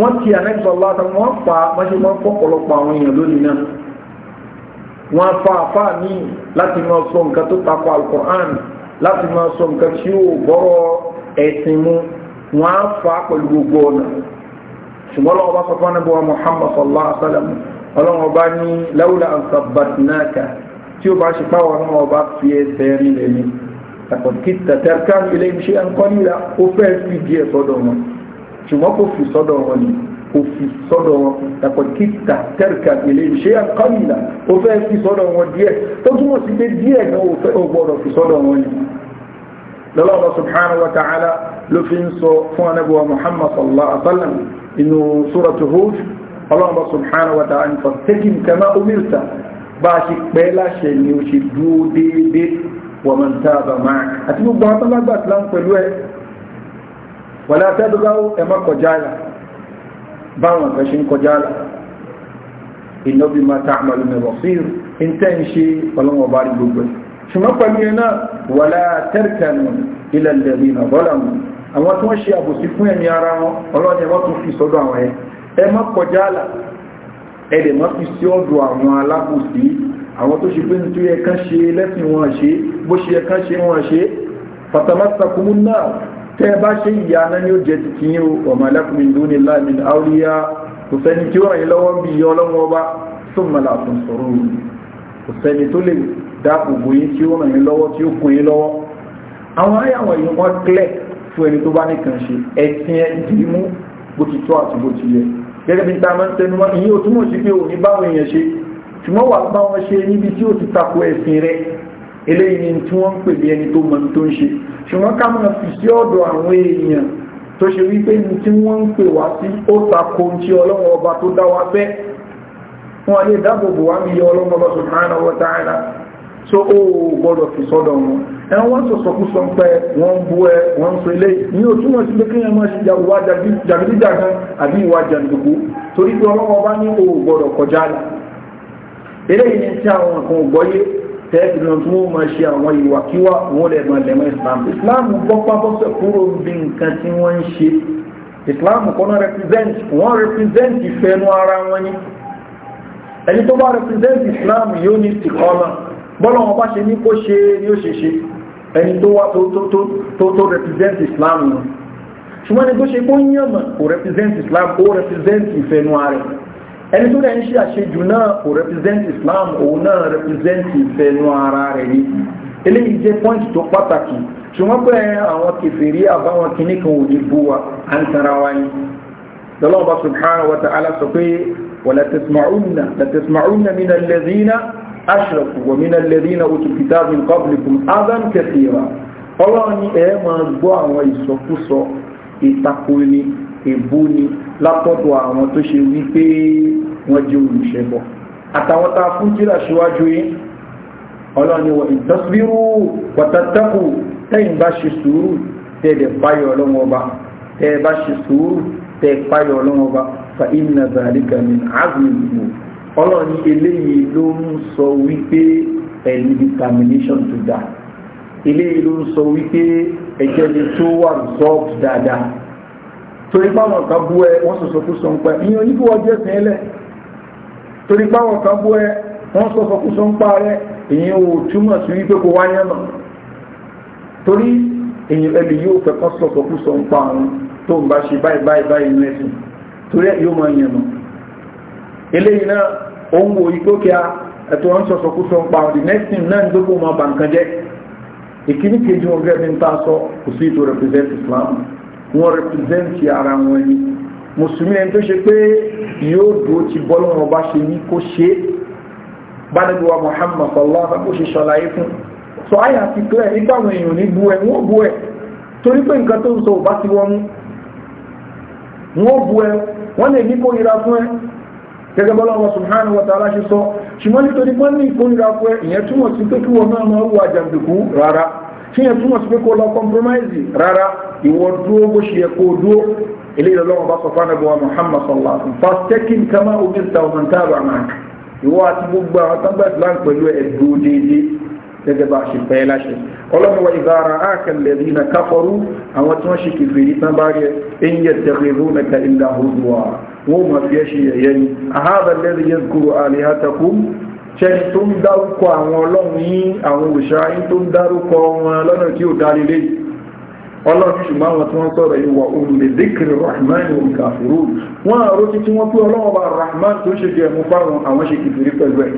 wọ́n ti àmẹ́sọ̀ láta wọ́n fa mọ́ṣẹ́mọ́ fọ́pọ̀lọpọ̀ àwọn èèyàn fa àfáà míì láti máa sọ nǹkan tó takọ Al-Qur'an láti máa sọ nǹkan tí ó gbọ́rọ̀ ẹ̀sìn mu wọ́n á fà á pẹ̀lú gbogbo ọ̀nà ṣùgbọ́n lọ́wọ́ bá sọ fún ẹni bọ́wọ́ Muhammad sallallahu alaihi wa sallam ọlọ́wọ́ bá ní lawla an sabbatnaka tí ó bá ṣe pàwọ́ náà ọba fi ẹsẹ̀ rí lẹ́ni tàkọ̀tì tàtẹ́ká ilé iṣẹ́ nǹkan nílà ó fẹ́ fi díẹ̀ sọ́dọ̀ wọn ṣùgbọ́n kò fi sọ́dọ̀ wọn nìyí òfì sọ́dọ̀ wọn yàtọ̀ kíta tẹ́rìkà ilé iṣẹ́ àkọ́yìnlá ó fẹ́ fi sọ́dọ̀ wọn díẹ̀ tó túmọ̀ sí pé díẹ̀ náà ó gbọ́dọ̀ fi sọ́dọ̀ wọn ni lọ́lọ́wọ́ subhanahu wa ta'ala ló fi ń sọ fún anábíwa muhammad sallallahu alaihi wa sallam inú suratu hud ọlọ́wọ́ subhanahu wa ta'ala nfa tẹ́kìn kama umirta bá a ṣe pẹ́ láṣẹ ni ó ṣe dúró déédéé wọ́n máa ń tábà máa àti gbogbo àwọn tó lágbàtí pẹ̀lú ẹ wọ́n lá tẹ́lú ẹ̀ má kọjá yàrá báwọn kan ṣe ń kọjá là iná bí máa ta àmàlù mẹ́wọ̀ sí ń tẹ́ ń ṣe ọlọ́wọ́ bá rí gbogbo ẹ̀ ṣùgbọ́n pẹ̀lú ẹ̀ náà wà láà tẹ́rìkànù ilẹ̀ lẹ́bí ìnà bọ́là mu àwọn tí wọ́n ṣe àbòsí fún ẹ̀mí ara wọn ọlọ́ni ẹ̀ tẹ́ bá ṣe ìyá náà ni ó jẹ́ ti kíyìn o ọmọ alákùnrin ló ní láàmì àwòrán kò sẹ́ni tí ó ràn yín lọ́wọ́ bí iye ọlọ́wọ́ bá tó mọ̀lá tó ń sọ̀rọ̀ òun kò sẹ́ni tó lè dáàbò bò yín tí ó ràn yín lọ́wọ́ tí ó kún yín lọ́wọ́ yìí ni tí wọ́n ń pè bí ẹni tó mọ tó ń ṣe ṣùgbọ́n ká máa fi sí ọ̀dọ̀ àwọn èèyàn tó ṣe wípé ní tí wọ́n ń pè wá sí ó tako tí ọlọ́run ọba tó dá wa wọ́n lè dáàbòbò wá so ó gbọ́dọ̀ fi sọ́dọ̀ wọn ẹn wọ́n sọ̀sọ̀ kú sọ pé wọ́n ń bú ẹ wọ́n ń sọ ilé ní òtúmọ̀ sí pé kí ẹ máa ṣe ìwà jàgídíjàgan àbí ìwà tẹ́ẹ̀bì náà tí wọ́n máa ṣe àwọn ìwàkíwà wọ́n lè máa lẹ̀mọ́ islam islam gbọ́pá bọ́sẹ̀ kúrò bí nǹkan tí wọ́n ń ṣe islam kọ́nà represent wọ́n represent ìfẹ́nu ara wọn ni ẹni tó bá represent islam yóò ní tìkọ́mà bọ́lá wọn bá ṣe ní kó ṣe ní ó ṣe ṣe ẹni tó wá tó represent islam wọn ṣùgbọ́n ẹni tó ṣe kó yànmà kò represent islam ó represent ìfẹ́nu ara rẹ̀ ẹni tó rẹ̀ ń ṣe àṣejù náà kò represent Islam òun náà represent ìfẹ́nu ara rẹ̀ ni eléyìí jẹ́ point tó pàtàkì ṣùgbọ́n pé àwọn kẹfìrí àbáwọn kìíní kan ò ní bú wa à ń tara wa yín lọ́lọ́ọ̀bá subhanahu wa ta'ala sọ pé ولا تسمعون لا تسمعون من الذين أشركوا ومن الذين أوتوا الكتاب من قبلكم أذى كثيرا ọlọ́run ni ẹ máa gbọ́ àwọn ìsọkúsọ ìtakoni ìbúni látọ̀dọ̀ àwọn tó ṣe wípé wọ́n jẹ́ olùṣẹ́bọ̀ àtàwọn tá a fún tíra ṣíwájú yìí ọlọ́ni wọ ìtọ́síbírú pọ̀tàtàkù tẹ́yìn bá ṣe sùúrù tẹ́ẹ̀dẹ̀ páyọ̀ ọlọ́wọ́ ọba tẹ́ẹ̀ ṣe sùúrù tẹ́ẹ̀ determination to die eléyìí ló ń sọ wípé torí páwọn kan bú ẹ wọ́n sọ̀sọ̀ kú sọ ń pa ìyẹn oníbú ọjọ́ ẹ̀sìn ẹlẹ̀ torí páwọn kan bú ẹ wọ́n sọ̀sọ̀ kú sọ ń pa rẹ ìyẹn ò túmọ̀ sí wípé kò wáyé nà torí èyàn ẹlì yóò fẹ́ kọ́ sọ̀sọ̀ kú sọ ń pa àrùn tó ń bá ṣe báyìí báyìí báyìí inú ẹ̀sìn torí ẹ̀ yóò máa yẹn nà eléyìí náà ó ń wo igbó kí a ẹ̀tọ́ wọn sọ̀sọ̀ kú sọ ń pa the next thing náà ní gbogbo máa bà nǹkan jẹ́ ìkíní kejì wọn gẹ́gẹ́ Islam wọ́n rẹpìsẹ́ntì ara wọn ni mùsùlùmí ẹni tó ṣe pé yóò dúró ti bọ́lọ́wọ́n bá ṣe ní kó ṣe bánibíwa Muhammad sallallahu alaihi wasallam ṣàlàyé fún sọ àyà ti pẹ́ nípa àwọn èèyàn ní bú wọ́n torí sọ ò bá ti wọ́n wọ́n wọ́n lè ní wa ṣe sọ ṣùgbọ́n nítorí wọ́n ní kórìíra fún ẹ ìyẹn túmọ̀ sí pé kí wọ́n náà máa wù àjàǹdùkú kí yẹn túmọ̀ sí pé kó lọ compromise rárá ìwọ dúró bó ṣe yẹ kó dúró eléyìí lọ́wọ́ bá sọ fún anábọ̀ Muhammad sallallahu alaihi wasallam fastakim kama umirta wa man taba ma'ak ìwọ àti gbogbo àwọn tó ń gbà islam pẹ̀lú ẹ̀dùn déédéé gẹ́gẹ́ bá ṣe pẹ́ láṣẹ ọlọ́run wa idha ra'aka alladhina kafaru àwọn tí wọ́n ṣe kìfìrí tán bá rí ẹ ń yattakhidhunaka illa huzwa wọn ò máa fi ẹ́ ṣe yẹ̀yẹ́ ni hadha alladhi yadhkuru alihatakum ṣẹni tó ń dárúkọ àwọn ọlọ́run yín àwọn òṣà yín tó ń dárúkọ wọn lọ́nà tí ò dá lélẹ̀ ọlọ́run ṣùgbọ́n àwọn tí wọ́n sọ̀rọ̀ yìí wà òun lè dékèrè rahman òun kàfúrò wọn àrò títí wọn pé ọlọ́run bá rahman tó ṣe jẹ mú fáwọn àwọn ṣe kìfìrí pẹ̀lú ẹ̀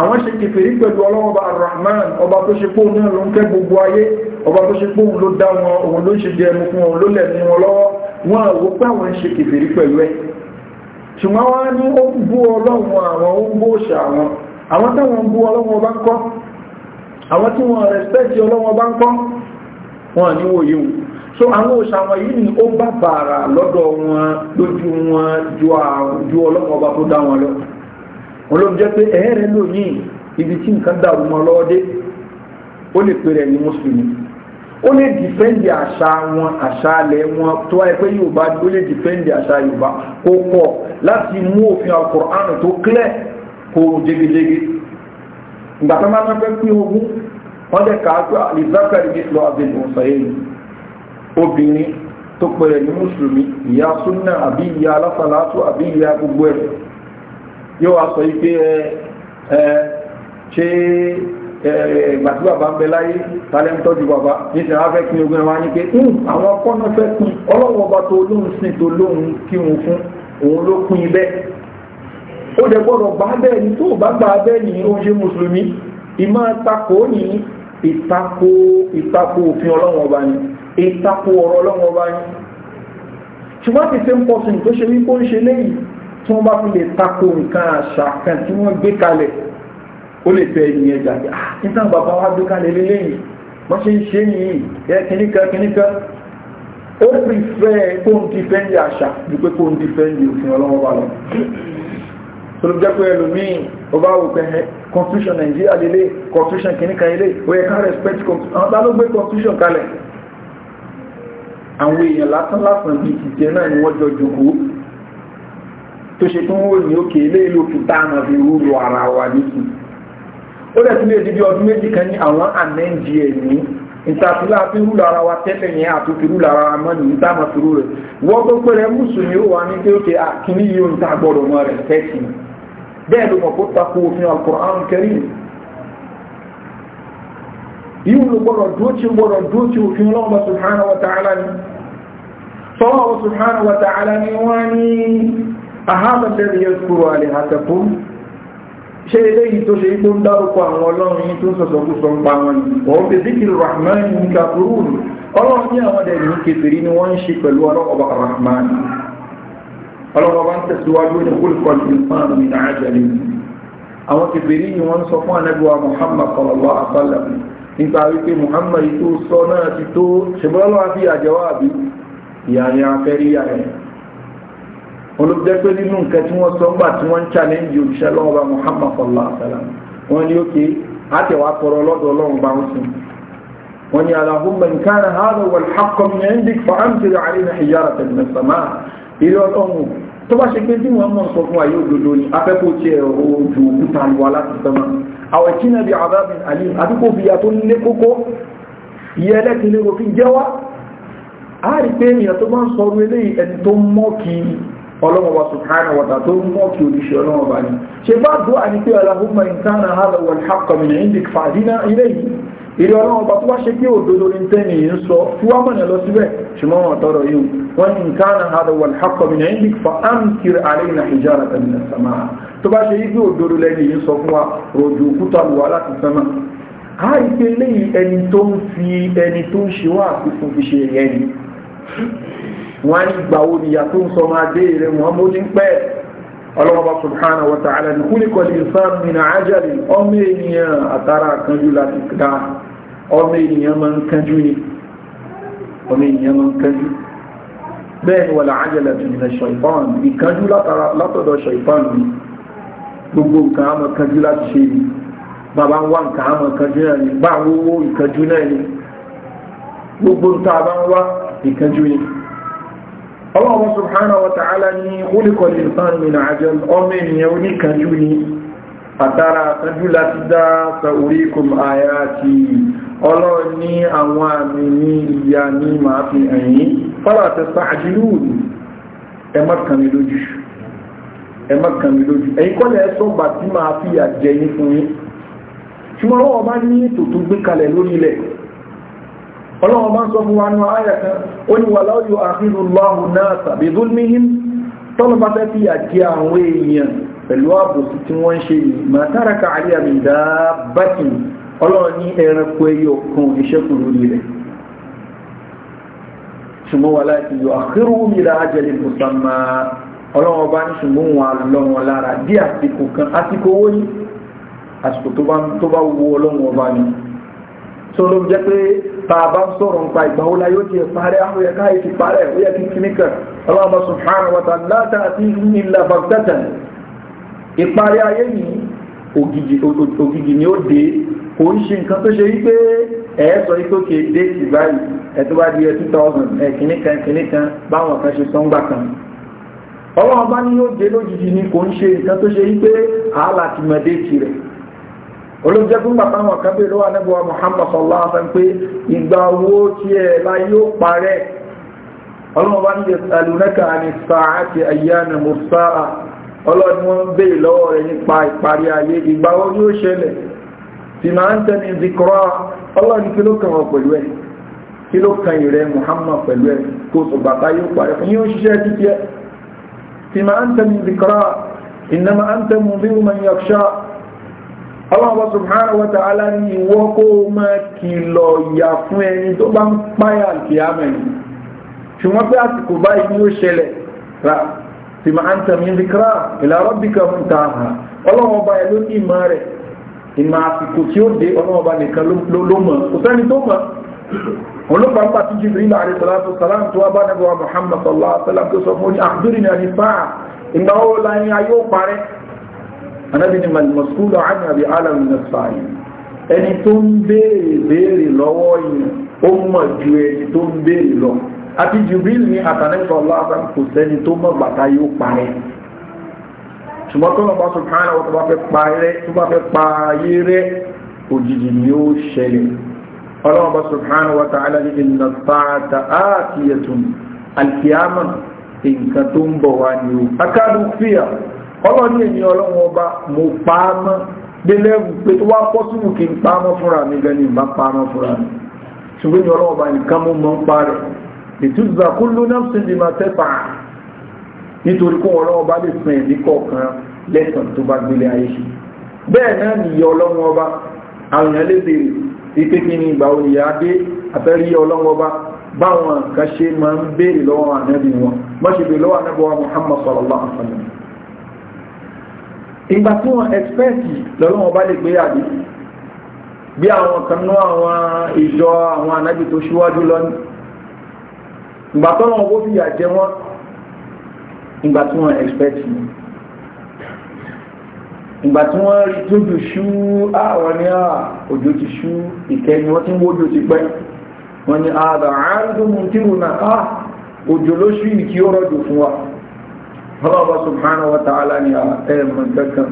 àwọn ṣe kìfèrí pẹ̀lú ọlọ́wọ́ bá rahman ọba tó ṣe pọ́ náà ló ń kẹ́ gbogbo ayé ọba tó ṣe pọ́ ló dá wọn òun ló ṣe jẹ ẹmu fún wọn ṣùgbọ́n wọ́n ní ó bú ọlọ́run àwọn ó bú òṣà àwọn àwọn táwọn bú ọlọ́run ọba ń kọ́ àwọn tí ọba ń kọ́ wọ́n so àwọn òṣà wọn yìí ni ó bá bàrà lọ́dọ̀ wọn lójú wọn ju ọlọ́run ọba tó dá wọn lọ ibi ó lè dìpẹ́ndì àṣà wọn àṣà alẹ̀ wọn tó wáyé pé yorùbá ó lè dìpẹ́ndì àṣà yorùbá kó pọ̀ láti mú òfin alukur'an tó clear kó jégéjégé ìgbà tó máa ń fẹ́ pín ogún wọ́n jẹ́ ká pé ní lọ abẹ́lẹ̀ ọ̀sẹ̀yìn obìnrin tó pẹ̀lẹ̀ ní mùsùlùmí ìyá súnà àbí ìyá aláfàlátù àbí ìyá gbogbo ẹ̀ yóò wá sọ yìí pé ẹ ṣe gbàtí bàbá ń bẹ láyé tálẹ́ ń tọ́jú bàbá nítorí wọn fẹ́ pín ogún ẹ̀ wá ní pé hmm, àwọn ọkọ́ náà fẹ́ pín ọlọ́wọ́ ọba tó lóun sìn tó lóun kí wọn fún òun ló pín bẹ́ẹ̀ ó dẹ̀ gbọ́dọ̀ gbà bẹ́ẹ̀ ni tó bá gbà bẹ́ẹ̀ ni ó ń ṣe mùsùlùmí ìmọ̀ takò ní ìtakò ìtakò òfin ọlọ́wọ́ ọba ni ìtakò ọ̀rọ̀ ọlọ́wọ́ ọba ni ṣùgbọ́n ti ṣe ń pọ̀ sùn tó ṣe wípé ó ń ṣe lẹ́yìn tí wọ́n bá fi lè takò nǹkan àṣà kan tí wọ́n gbé kalẹ̀ ó lè fẹ́ ẹni yẹn pé ah nígbà bàbá wa gbé kalẹ̀ lélẹ́yìn wọ́n ṣe ń ṣe nìyí ẹ kìnnìkan kìnnìkan ó fi fẹ́ kó ń dìfẹ́ndì àṣà ju pé kó ń dìfẹ́ndì òfin ọlọ́wọ́ wa lọ. tolóbi jẹ́ pé ẹlòmíì ó bá wò pé constitution Nàìjíríà lélẹ̀ constitution kìnnìkan ilé ó yẹ ká respect constitution àwọn tá ló gbé constitution kalẹ̀ àwọn èèyàn lásán lásán bíi tìjẹ náà ni wọ́n jọ jòkó tó ṣe tó ń wò ní òkè ilé ìlú òkè tá àmà fi rúru ara wa nìkan ó dẹ̀ tún lè di bí ọdún méjì kan ní àwọn àmẹ́ǹdì ẹ̀mí ìtàtúlá fi rú lára wa tẹ́lẹ̀ yẹn àti fi rú lára wa mọ́ ní ìtàmọ̀ fi rú rẹ̀ wọ́n tó pẹ̀lẹ́ mùsùlùmí ó wà ní pé ó ti kíní yìí ta gbọ́dọ̀ mọ́ rẹ̀ tẹ́sí bẹ́ẹ̀ ló mọ̀ kó òfin Al-Qur'an Karim yíò ni sọ́wọ́ ni wọ́n ní ṣe eléyìí tó ṣe ipò ń dárúkọ àwọn ọlọ́run yìí tó ń sọ̀sọ̀ kú sọ ń pa wọn yìí fi zikiri rahman ní kakuru ọlọ́run ní àwọn ọdẹ yìí kẹfìrí ni wọ́n ń ṣe pẹ̀lú ọlọ́kọ̀ọ̀bà rahman ọlọ́kọ̀ọ̀bà ń tẹ̀síwájú ní kúlùkọ́ ìfàn mi muhammad sallallahu alaihi wasallam nípa wípé muhammad tó sọ náà ti tó ṣùgbọ́n ọlọ́run fi àjẹwà àbí olùdẹ́ pé nínú nǹkan tí wọ́n sọ ńgbà tí wọ́n ń challenge òṣìṣẹ́ lọ́wọ́ bá Muhammad sallallahu alaihi wa sallam wọ́n ní òkè àtẹ̀wá tọrọ lọ́dọ̀ ọlọ́run bá ń sìn wọ́n ní Allahumma in kana hadha wal haqqu min indik fa amtir alayna hijaratan min as-samaa ilé ọlọ́run tó bá ṣe pé tí wọ́n mọ̀ sọ fún ayé òdodo ni afẹ́kọ̀ọ́ tiẹ̀ ojú òkúta wa láti sọ́mà àwọn ìkíni bíi adhabin alim àdúgbò fìyà tó lé kókó ìyẹ́ ẹlẹ́kìnrin òfin jẹ́wọ́ á pé èèyàn tó bá ń sọ orí eléyìí ẹni tó mọ́ kìí ọlọ́mọba subhanahu wa ta'ala tó ń mọ́ kí oríṣi ọlọ́mọba ni ṣe bá dùn àní pé Allahumma in kana hadha wal haqqa min indik fa'dina ilayhi ìrẹ́ ọlọ́mọba tó wá ṣe pé òdodo ní tẹ́ni yìí ń sọ tí wọ́n mọ̀nà lọ síbẹ̀ ṣùgbọ́n wọn tọrọ yìí wọ́n in kana hadha wal haqqa min indik fa'amtir alayna hijaratan minas samaa tó bá ṣe ibi òdodo lẹ́ni yìí sọ fún wa rọ̀jò òkúta lùwà láti sánmà káàrí pé ẹni tó ń fi ẹni tó ń ṣe wá àti fún fi ṣe ẹ̀yẹ́ ni wọn á ní ìgbà wo nìyà tó ń sọ máa dé èrè wọn mú ní pẹ́ ọlọ́mọba subhanahu wa ta'ala ní kúlíkọ̀ lè sá min ajalin ọmọ ènìyàn àtàrà kanjú láti dá ọmọ ènìyàn máa ń kanjú ni ọmọ ènìyàn máa ń kanjú bẹ́ẹ̀ ni wàlá ajalẹ̀ tó nílẹ̀ ṣọ̀ìfọ́n ìkanjú látọ̀dọ̀ ṣọ̀ìfọ́n ni gbogbo nǹkan àmọ́ kanjú láti ṣe ni bàbá ń wá nǹkan àmọ́ ìkanjú náà ni bá àwọn ìkanjú náà ni gbogbo nǹkan àbá ń wá ìkanjú ni. Allah subhanahu wa ta'ala ni khuliqa al-insan min ajal ọmọ ènìyàn oníkanjú ni àtàrà àtàjú láti dá sa'urikum ayati ọlọ́run ní àwọn àmì ní ìyá ní máa fi ẹ̀yìn fala tasta'jilun ẹ má kàn mí lójú ẹ má kàn mí ọlọ́run bá ń sọ fún wa nínú ayà kan ó ní wàlá yóò àfihàn lọ́hùn náà tàbí zulmihim tọ́lọ́ bá fẹ́ fi àjẹ àwọn èèyàn pẹ̀lú àbòsí tí wọ́n ń ṣe yìí mà táraka àríyá mi dá bákì ọlọ́run ní ẹranko ẹyọ kan ìṣẹ́kù lórí rẹ̀ so ló jẹ́ pé bàbá sọ̀rọ̀ nípa ìgbà wo la yóò ti parẹ́ àwọn ẹ̀ka yìí ti ó yẹ kí kíní kan ọlọ́mọ subhanahu wa ta'ala láta àti illa baghtatan ìparí ayé yìí ògìgì ni ó dé kò ń ṣe nǹkan tó ṣe wípé ẹ̀ẹ́sọ̀ yìí tó ké dé sí báyìí ẹ̀tọ́ kan kíní kan báwọn kan ṣe sọ́ngbà kan ọlọ́mọ bá ní yóò dé lójijì olùjẹ́gun bàbá wọn kan bèèrè wà nẹ́bùwà Muhammad sallallahu alaihi wasallam pé ìgbà owó tí ẹ̀ la yóò parẹ́ ọlọ́wọ́ ní yas'alunaka àni sa'ati ayyana mursa'a ọlọ́ni wọ́n bèèrè lọ́wọ́ rẹ̀ nípa ìparí ayé ìgbà wo yóò ṣẹlẹ̀ tí máa ń tẹ́ni zikra ọlọ́ni kí ló kàn wọ́n pẹ̀lú ẹ̀ kí ló kàn ọlọ́ọ̀bọ̀ subhanahu wa ta'ala ní ìwọ kó máa kìlọ̀ ìyà fún ẹni tó bá ń páyà kì á mẹ́rin ṣùgbọ́n pé àsìkò báyìí ni ó ṣẹlẹ̀ ra fi máa ń tẹ̀mí ìdíkra ila rabbika muntaha ọlọ́ọ̀bọ̀ ẹ̀ ló ní ìmọ̀ rẹ̀ ìmọ̀ àsìkò tí ó dé ọlọ́ọ̀bọ̀ nìkan ló mọ̀ kò sẹ́ni tó mọ̀ olùkọ́ nípa tí Jibril alayhi salatu salam tó wá bá nàbẹ̀wá Muhammad sallallahu tó sọ fún ní àdúrà ní àdìsáà ìgbà wo la ń ayé ó parẹ́ anábì ni mọ̀sùlù ànàbì alàmìnà sàáyì ẹni tó ń béèrè béèrè lọ́wọ́ yìí ó mọ̀ ju ẹni tó ń béèrè lọ àti jubril ní àtàlẹ́sọ̀ ọlọ́run kò sẹ́ni tó mọ̀ bàtà yóò parẹ́ ṣùgbọ́n tó lọ́ba subhanahu wa tó bá fẹ́ pa rẹ́ tó bá fẹ́ pa ayé rẹ́ òjijì ni ó ṣẹlẹ̀ ọlọ́ba subhanahu wa ta'ala ní inna sa'ata atiyatun alkiyama nǹkan tó ń bọ̀ wá ni ó akadu fíà ọlọ́ni èmi ọlọ́wọ́n ọba mo pa á mọ́ délẹ́rù pé wá pọ́ sínú kí n pa á mọ́ fúnra mi gan ni ìbá pa á mọ́ fúnra mi ṣùgbọ́n ọlọ́wọ́n ọba nìkan mo mọ́ ń pa rẹ̀ ìtúzà kó ló náà sì lè máa tẹ́pa nítorí kó ọlọ́wọ́n ọba lè fún ẹ̀mí kọ̀ọ̀kan lẹ́sàn tó bá gbélé ayé ṣe bẹ́ẹ̀ náà nìyẹ ọlọ́wọ́n ọba àwọn èèyàn lè béèrè ipe kí ni ìgbà òyìnbó adé àfẹ́rí ọlọ́wọ́n ọba báwọn kan ṣe máa ń béèrè lọ́wọ́ ànábì Muhammad sallallahu ìgbà tí wọ́n ẹ̀sìpẹ́ẹ̀tì lọ́lọ́wọ́ bá lè gbé àbí bí àwọn kan ní àwọn ìjọ àwọn anábì tó ṣíwájú lọ ní ìgbà tó wọn ó fìyà jẹ wọn ìgbà tí wọ́n ẹ̀sìpẹ́ẹ̀tì ni ìgbà tí wọ́n rí tójú ṣú àwọn ní òjò ti ṣú ìkẹyìn wọ́n ti ń wójú ti pẹ́ wọ́n ni àdàrà àádọ́mù tí wọ́n náà òjò ló ṣú ìkí ó rọ̀jò fún wa ọlọ́ọ̀bá subhanahu wa ta'ala ni ah, ẹ̀mọ̀ kankan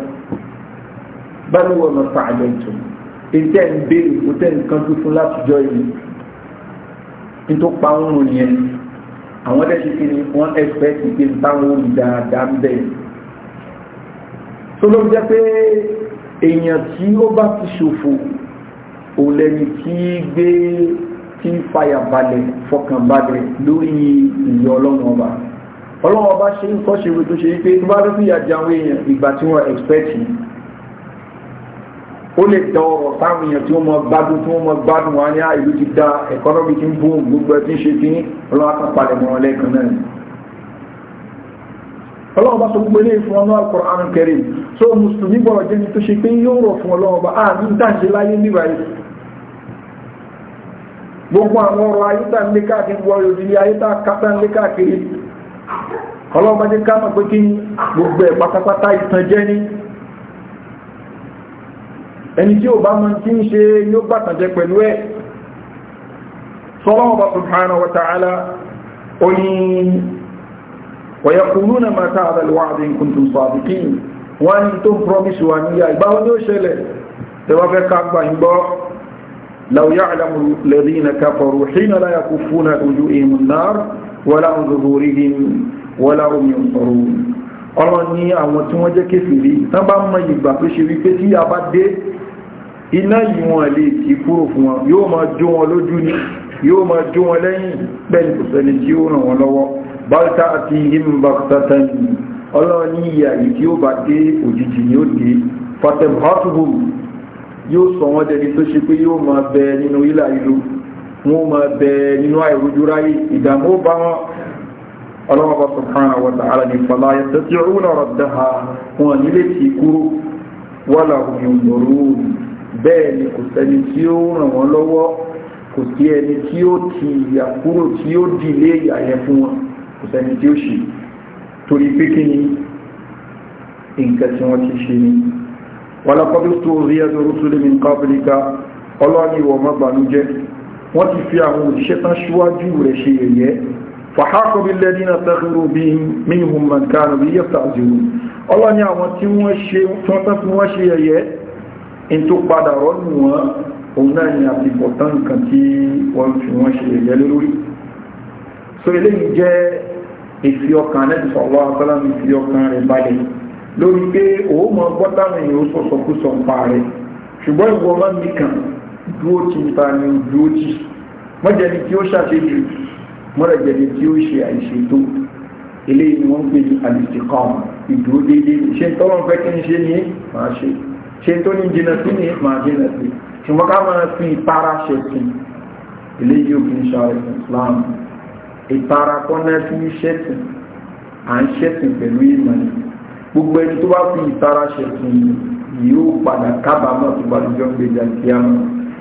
bẹ́ẹ̀ wọ́n mọ̀ fàájọ ìtò ìtẹ́ ń béèrè kó tẹ́ nǹkan tó fún látijọ́ ìlú ní tó pa ń rùn yẹn àwọn ẹ̀dẹ́ ṣe kiri wọ́n ẹ̀fẹ́ ti fi ń táwọn olùdáadáa ń bẹ̀. tó ló jẹ́ pé èèyàn tí ó bá ti ṣòfò òun lẹ́ni tí gbé tí fàyàbalẹ̀ fọkànbalẹ̀ lórí ìyọ́ ọlọ́run ọba ọlọ́wọ́ bá ṣe ń kọ́ ṣe wé tó ṣe pé tó bá tó fi yàjà àwọn èèyàn ìgbà tí wọ́n ẹ̀xpẹ́tì ó lè tọ táwọn èèyàn tí wọ́n mọ gbádùn tí wọ́n mọ gbádùn wọn ní ah, ìlú ti da ẹ̀kọ́nọ́mì ti ń bú gbogbo ẹ̀ tí ń ṣe kí ọlọ́wọ́ kan palẹ̀ mọ́ lẹ́ẹ̀kan náà ọlọ́wọ́ bá sọ gbogbo ilé ìfún ọlọ́wọ́ Al-Qur'an Karim so mùsùlùmí gbọ́dọ̀ jẹ́ni tó ṣe pé yóò rọ̀ fún ọlọ́wọ́ bá a ah, ní dáṣe láyé nígbà yìí gbogbo àwọn ọ̀rọ̀ ayé tá ń lé káàkiri wọ́n yóò ayé tá kátà ń lé káàkiri ọlọ́mọdé ká mọ̀ pé kí gbogbo ẹ̀ pátápátá ìtànjẹ́ ní ẹni tí ó bá mọ̀ tí ń ṣe yóò gbàtànjẹ́ pẹ̀lú ẹ̀ sọ́lọ́wọ́ bá subhanahu wa ta'ala ó ní wa yaquluna mata hadha al-wa'd in kuntum sadiqin wọ́n ní tó promise wà wọ́lá òdòdóríhìn wọ́lá omi ọ̀sọ̀rọ̀ ọlọ́run ní àwọn tí wọ́n jẹ́ kéfìrí tán bá mọ ìgbà tó ṣe wípé tí a bá dé iná yìí wọn lè ti kúrò fún wọn yóò máa jó wọn lójú ni yóò máa jó wọn lẹ́yìn bẹ́ẹ̀ tí ó ràn wọn lọ́wọ́ báyìí àti ìmùbàkútàtàn ni ó dé fatem wọ́n máa bẹ nínú àìrójú ráyé ìdààmú bá wọn ọlọ́wọ́ subhanahu wa ta'ala ní fọlá yàtọ̀ tí ó lọ́rọ̀ dáha wọn nílé tí kúrò wọ́n làwọn ìmọ̀rú bẹ́ẹ̀ ni kò sẹ́ni tí ó ràn wọ́n lọ́wọ́ kò sí ẹni tí ó ti wọ́n ti wọ́n ti fi àwọn òṣìṣẹ́ tán ṣíwájú rẹ̀ ṣe yẹ̀yẹ́ fàhákọ̀ bí lẹ́dínà tẹ́kùrù bí minhum man kanu bí yẹ́ tààzìrù ọlọ́ ni àwọn tí wọ́n ṣe tán fún wọ́n ṣe yẹ̀yẹ́ in tó padà rọ́nù wọn òun náà ni àti pọ̀tán nǹkan tí wọ́n fi wọ́n ṣe yẹ̀yẹ́ lórí so eléyìí jẹ́ ìfi ọkàn dúó tí ni dúó tí mọ́jẹ̀ni tí ó ṣàṣejù mọ́rẹ̀jẹ̀ni tí ó ṣe àìṣètò eléyìí ni wọ́n ń pè ní àdìsíkàn ìdúró déédéé ṣe tọ́lọ́n fẹ́ kí n ṣe ní máa ṣe ṣe tó ní jìnà sí ní máa jìnà sí ṣùgbọ́n ká máa fi ìtara ṣe sí eléyìí ò kì í ṣàrẹ̀ Islam ìtara kọ́nà tí ń ṣẹ̀sìn à ń ṣẹ̀sìn pẹ̀lú ìmọ̀ ni gbogbo ẹni tó bá fi ìtara ṣẹ̀sìn yìí yóò padà kábàámọ̀ tó bá lójọ́ ń gbèjà kíámọ̀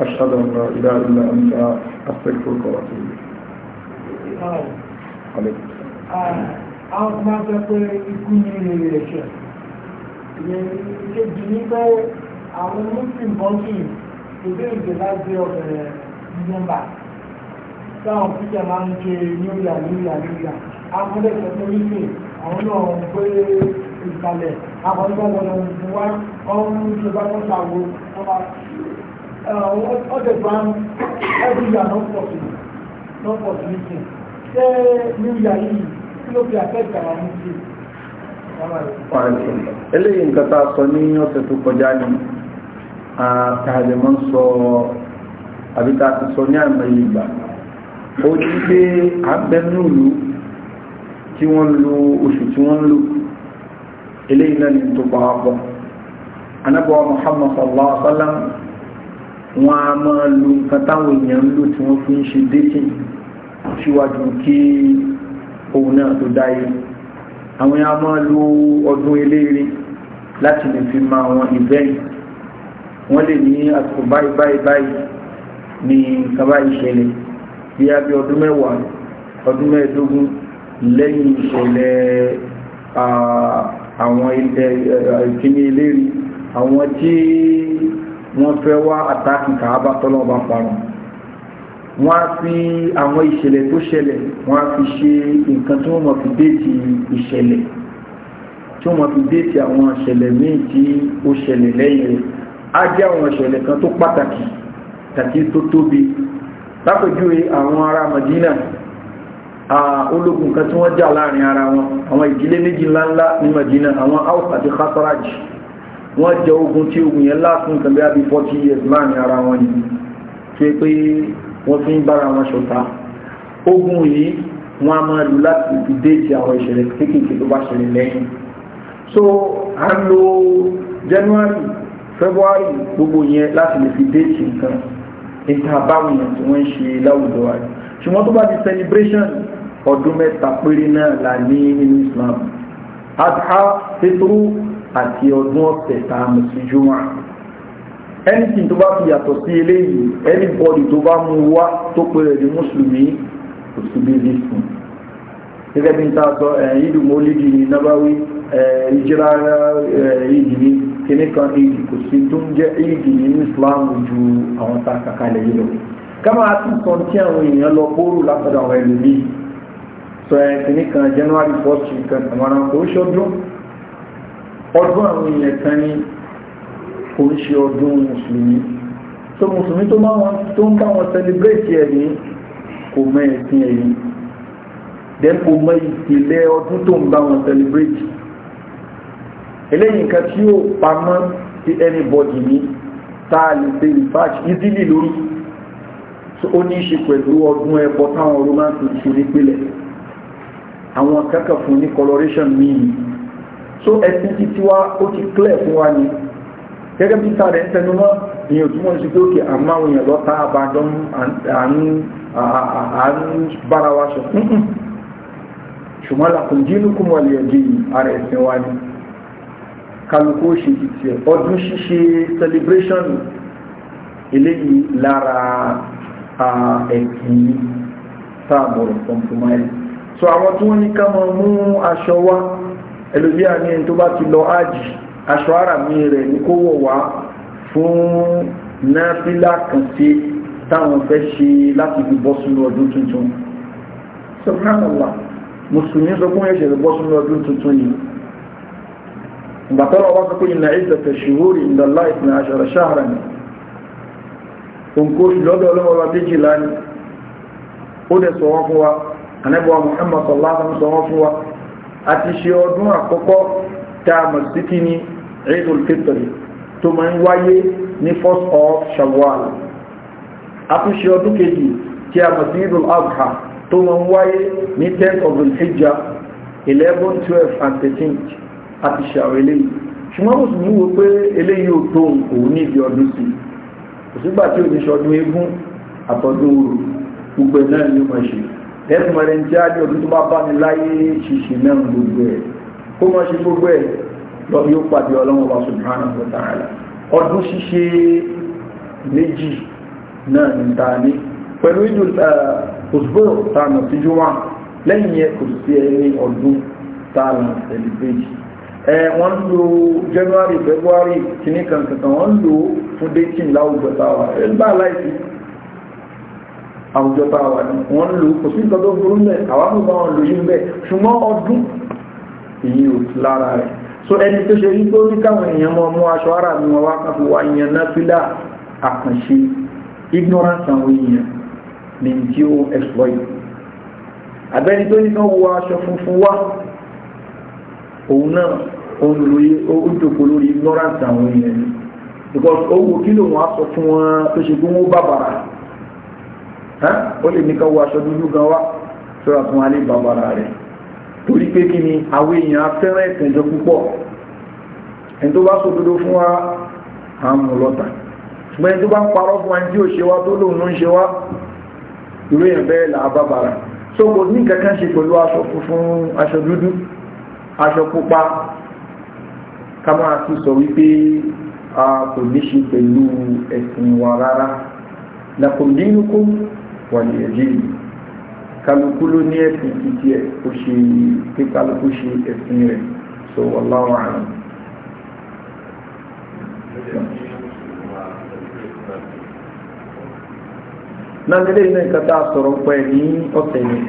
أشهد أن لا إله إلا أنت أستغفرك وأتوب إليك عليكم àwọn ọmọ ọjọ́ pé ikú ní ilé rẹ̀ ṣe ìkejì ní pé àwọn muslim bọ́ọ̀kì ìgbé ìgbé láti ọ̀bẹ̀rẹ̀ nígbà táwọn píkẹ̀ máa ń ṣe níwìyà níwìyà níwìyà akọ́lẹ̀ ìṣẹ́fẹ́ wípé àwọn náà ń pé ìgbàlẹ̀ akọ́lẹ̀ ìgbàlẹ̀ ọ̀nà ìgbìwá ọ̀hún ṣe bá tó ṣàwó ọba all uh, the bank every year not possible not possible thing ṣé new year yìí kí ló fi affect our muslim. eléyìí nǹkan tá a sọ ní ọ̀sẹ̀ tó kọjá ni àtàlẹ́ máa ń sọ àbí a ti sọ ní àmọ́ ìgbà ó ti gbé abẹ́núlù tí wọ́n lo oṣù tí wọ́n lò eléyìí náà ni tó pa wá anábọ̀ Muhammad sallallahu sallam wọn a máa lo nǹkan táwọn èèyàn ń lò tí wọ́n fi ń ṣe dating síwájú kí òun náà tó dáyé àwọn èèyàn a máa lo ọdún eléyìí láti lè fi máa wọn ìbẹ́yìn wọ́n lè ní àsìkò báyìí báyìí báyìí ní nǹkan báyìí ṣẹlẹ̀ bí a bí ọdún mẹ́wàá ọdún mẹ́ẹ̀ẹ́dógún lẹ́yìn ìṣẹ̀lẹ̀ àwọn ìkíní eléyìí àwọn tí wọ́n fẹ́ wá àtàkì kàábà tọ́lọ́ọ̀bá parun wọ́n á fi àwọn ìṣẹ̀lẹ̀ tó ṣẹlẹ̀ wọ́n á fi ṣe nǹkan tí wọ́n mọ̀ fi déètì ìṣẹ̀lẹ̀ tí wọ́n mọ̀ fi déètì àwọn ìṣẹ̀lẹ̀ míì tí ó ṣẹlẹ̀ lẹ́yìn rẹ̀ á jẹ́ àwọn ìṣẹ̀lẹ̀ kan tó pàtàkì tàbí tó tóbi lápèjúwe àwọn ará Madina ológun kan tí wọ́n jà láàrin ara wọn àwọn ìdílé méjì ńláńlá ní Madina àwọn Aus àti Khazraj wọ́n jẹ ogun tí ogun yẹn lásùn kan bí i forty years láàrin ara wọn ni tó pé wọ́n fi ń bára wọn ṣọ̀tá ogun yìí wọ́n a máa lù láti fi déètì àwọn ìṣẹ̀lẹ̀ kéékèèké tó bá ṣẹlẹ̀ lẹ́yìn so à ń lo January February gbogbo yẹn láti lè fi déètì nǹkan níta báwọn èèyàn tí wọ́n ń ṣe láwùjọ wa ṣùgbọ́n tó bá di celebration ọdún mẹ́ta péré náà là ní nínú Islam adha fitru àti ọdún ọ̀sẹ̀ tá a mọ̀ sí júmọ́ anything tó bá fi yàtọ̀ sí eléyìí anybody tó bá mú wá tó pé rẹ̀ ní mùsùlùmí kò sí bí bí fún gẹ́gẹ́ bí n ta sọ ìdù mọ́lídì ní nábáwí ìjírá ìdì ní kíní kan ìdì kò sí tó ń jẹ́ ìdì ní Islam ju àwọn tá a kàkalẹ̀ lọ kama a ti sọ tí àwọn èèyàn lọ kóòrò látọ̀dọ̀ àwọn ẹlòmíì sọ ẹ̀ kíní kan January 1st kan àwọn arákùnrin ṣọdún ọdún àwọn èèyàn kan ní kò ń ṣe ọdún mùsùlùmí tó mùsùlùmí tó ń bá wọn sẹlẹbírẹ́tì ẹ̀ ní kò mọ ẹ̀sìn ẹ̀ yìí dẹ́n kò mọ ìpìlẹ̀ ọdún tó ń bá wọn sẹlẹbírẹ́tì eléyìí nǹkan tí ó pamọ́ sí anybody ní tá a lè ṣe research easily lórí ó ní í ṣe pẹ̀lú ọdún ẹbọ táwọn roman tuntun nípìnlẹ̀ àwọn akẹ́kọ̀ọ́ fún ní coloration míì so ẹ̀sìn ti tiwa ó ti clear fún wa ni gẹ́gẹ́ bí sáré ń tẹnu mọ́ ìyẹn òtún wọn ṣe pé òkè àmọ́ àwọn èèyàn lọ́ta àbájọ́ àánú bára wa sọ ṣùgbọ́n làkùn jínú kún wọlé ẹ̀jẹ̀ yìí ara ẹ̀sìn wa ni kálukú ṣe ti ọdún ṣíṣe celebration eléyìí lára ẹ̀sìn yìí tá a bọ̀rọ̀ so àwọn tí wọ́n ní ká máa mú aṣọ wa ẹlòmíà ní ẹni tó bá ti lọ ájì aṣọ ara mi rẹ̀ ní kó wọ̀ wá fún náfílà kan sí táwọn fẹ́ ṣe láti fi bọ́ sínú ọdún tuntun subhanallah mùsùlùmí sọ fún ẹ̀ṣẹ̀ rẹ̀ bọ́ sínú ọdún tuntun yìí ìgbàtọ́rọ̀ wá sọ pé ìnà ìdẹ̀tẹ̀ ṣùgbórí ìdàlá ìpìnà àṣàrà ṣáàrà ni òǹkó ìlọ́dọ̀ ọlọ́wọ́wà méjìlá ni ó dẹ̀ sọ wọ́n fún wa anẹ́bọ̀wà Muhammad sallallahu sọ wọ́n fún wa àti ṣe ọdún àkọ́kọ́ tá a mọ̀ sí kí ni Eidul Fitr tó máa ń wáyé ní first of Shawwal àtúnṣe ọdún kejì tí a mọ̀ sí Eidul Adha tó máa ń wáyé ní 10th of the hijja 11 12 and 13 àtúnṣe àwọn eléyìí ṣùgbọ́n mùsùlùmí wo pé eléyìí ò tó òun ní ìdí ọdún sí kò sígbà tí ò ní ṣọdún eégún àtọdún òru gbogbo ẹ̀ náà ni ó máa ṣe lẹ́nu ẹ̀rẹ́ tí a ní ọdún tó bá bá ní láyé ṣìṣì náà gbogbo ẹ̀ kó mọ́ ṣe gbogbo ẹ̀ lọ yóò pàdé ọlọ́run wa subhanahu wa ta'ala ọdún ṣíṣe méjì náà ní ta ní pẹ̀lú ìlú òṣùgbò tààmù síjú wà lẹ́yìn yẹn kò sí ẹni ọdún tààmù ẹ̀lẹ́gbẹ̀jì ẹ wọ́n ń lo January February kìnnìkan kankan wọ́n ń lo fún dating láwùjọ táwa ẹ̀ ń láìsí àwùjọ tá a wà ní wọ́n lò kò sí nǹkan tó burú mẹ́ àwọn àbúrò bá wọn lò yí mẹ́ ṣùgbọ́n ọdún èyí ò lára rẹ̀ so ẹni tó ṣe yí pé ó ní káwọn èèyàn mọ mú aṣọ ara mi wọn wá káfí wá yan náfílà àkànṣe ignorance àwọn èèyàn ní tí ó exploit àbẹ́ni tó ní kan wọ aṣọ funfun wá òun náà olùlóye ó jòkó lórí ignorance àwọn èèyàn ni because owó kí lòun á sọ fún wọn tó ṣe pé bàbàrà ó lè ní ká wọ aṣọ dúdú gan wá sọ́ra tún wá lè bá wàrà rẹ̀ torí pé kí ni àwọn èèyàn afẹ́rẹ́ ìtẹ̀jọ púpọ̀ ẹni tó bá sọ òdodo fún wa à mú lọ́tà ṣùgbọ́n tó bá ń parọ́ fún ẹni tí ò ṣe wá tó lòun ló ń ṣe wá ìró yẹn bẹ́ẹ̀ là á so kò ní kankan ṣe pẹ̀lú aṣọ funfun aṣọ dúdú aṣọ pupa ká máa tún sọ wípé a kò ní ṣe pẹ̀lú ẹ̀sìn wa rárá lakum wàlẹ̀yẹ̀dìrì kálukú ló ní ẹ̀sìn títí ẹ̀ kó ṣe pé kálukú ṣe ẹ̀sìn rẹ̀ so wallahu a'lam. nàgbélé iná ìkàtà sọ̀rọ̀ pẹ̀ ní ọ̀sẹ̀ yìí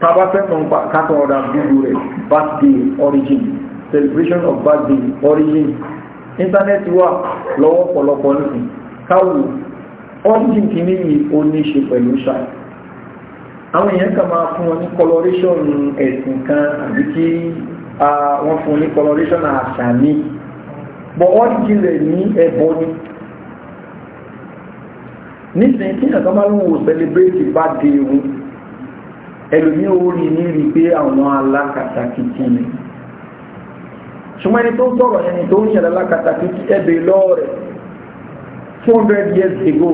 tábà fẹ́ràn kátó ọ̀dà bíbú rẹ̀ birthday origin celebration of birthday origin íńtánẹ́ẹ̀tì wà lọ́wọ́ pọ̀lọpọ̀ nìkan káwù ọ́njìn kìíní yìí ó ní ṣe pẹ̀lú ṣáà àwọn èèyàn kan máa fún wọn ní coloration ẹ̀sìn kan àbí kí wọ́n fún ní coloration àṣà ní bọ̀ ní ni nísìnyí kí nǹkan máa ń wò celebrate bá dé ewu ẹlòmí orí ní rí pé àwọn alákatakítí ni ṣùgbọ́n ẹni tó ń sọ̀rọ̀ ẹni tó ń ebe alákatakítí 200 years ago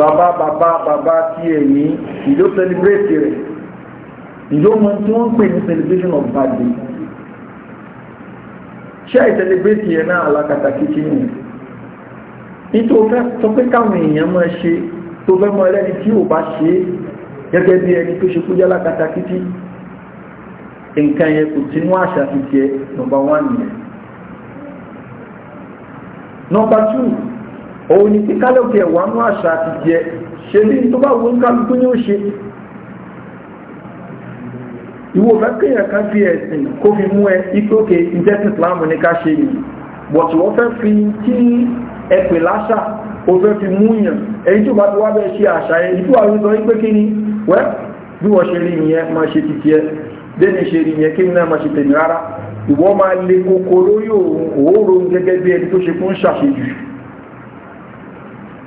Baba Baba Baba tí ẹ ní ìjọ celebrate here. ìjọ mọ tí wọ́n ń pè celebration of birthday ṣé I celebrate yẹn náà alákatà kìkì nù nítorí fẹ́ sọ pé káwọn èèyàn máa ṣe tó fẹ́ mọ ẹlẹ́ni tí ò bá ṣe gẹ́gẹ́ bí ẹni tó ṣe kú jẹ́ alákatà kìkì nǹkan yẹn kò sínú àṣà ti tiẹ̀ number one nìyẹn nọmba tù òun ni kíkálẹ̀ òkè wà nú àṣà àti jẹ ṣe ní tó bá wọn kálukú ní ó ṣe ìwò fẹ́ kéèyàn kan fi ẹ̀sìn kó fi mú ẹ ikú òkè ìjẹ́sìn Islam ní ká ṣe yìí bọ̀tù wọ́n fẹ́ fi tí ẹ láṣà ó fẹ́ fi mú yàn èyí tó bá ti wá bẹ́ẹ̀ ṣe àṣà yẹn ìtú àwọn sọ wípé kí ni wẹ́ bí wọ́n ṣe rí ìyẹn máa ṣe titi ẹ déni ṣe rí ìyẹn kí ni náà máa ṣe tèmi rárá ìwọ́n máa lè kókó lórí òórò gẹ́gẹ́ bí ẹni tó ṣe fún ṣàṣejù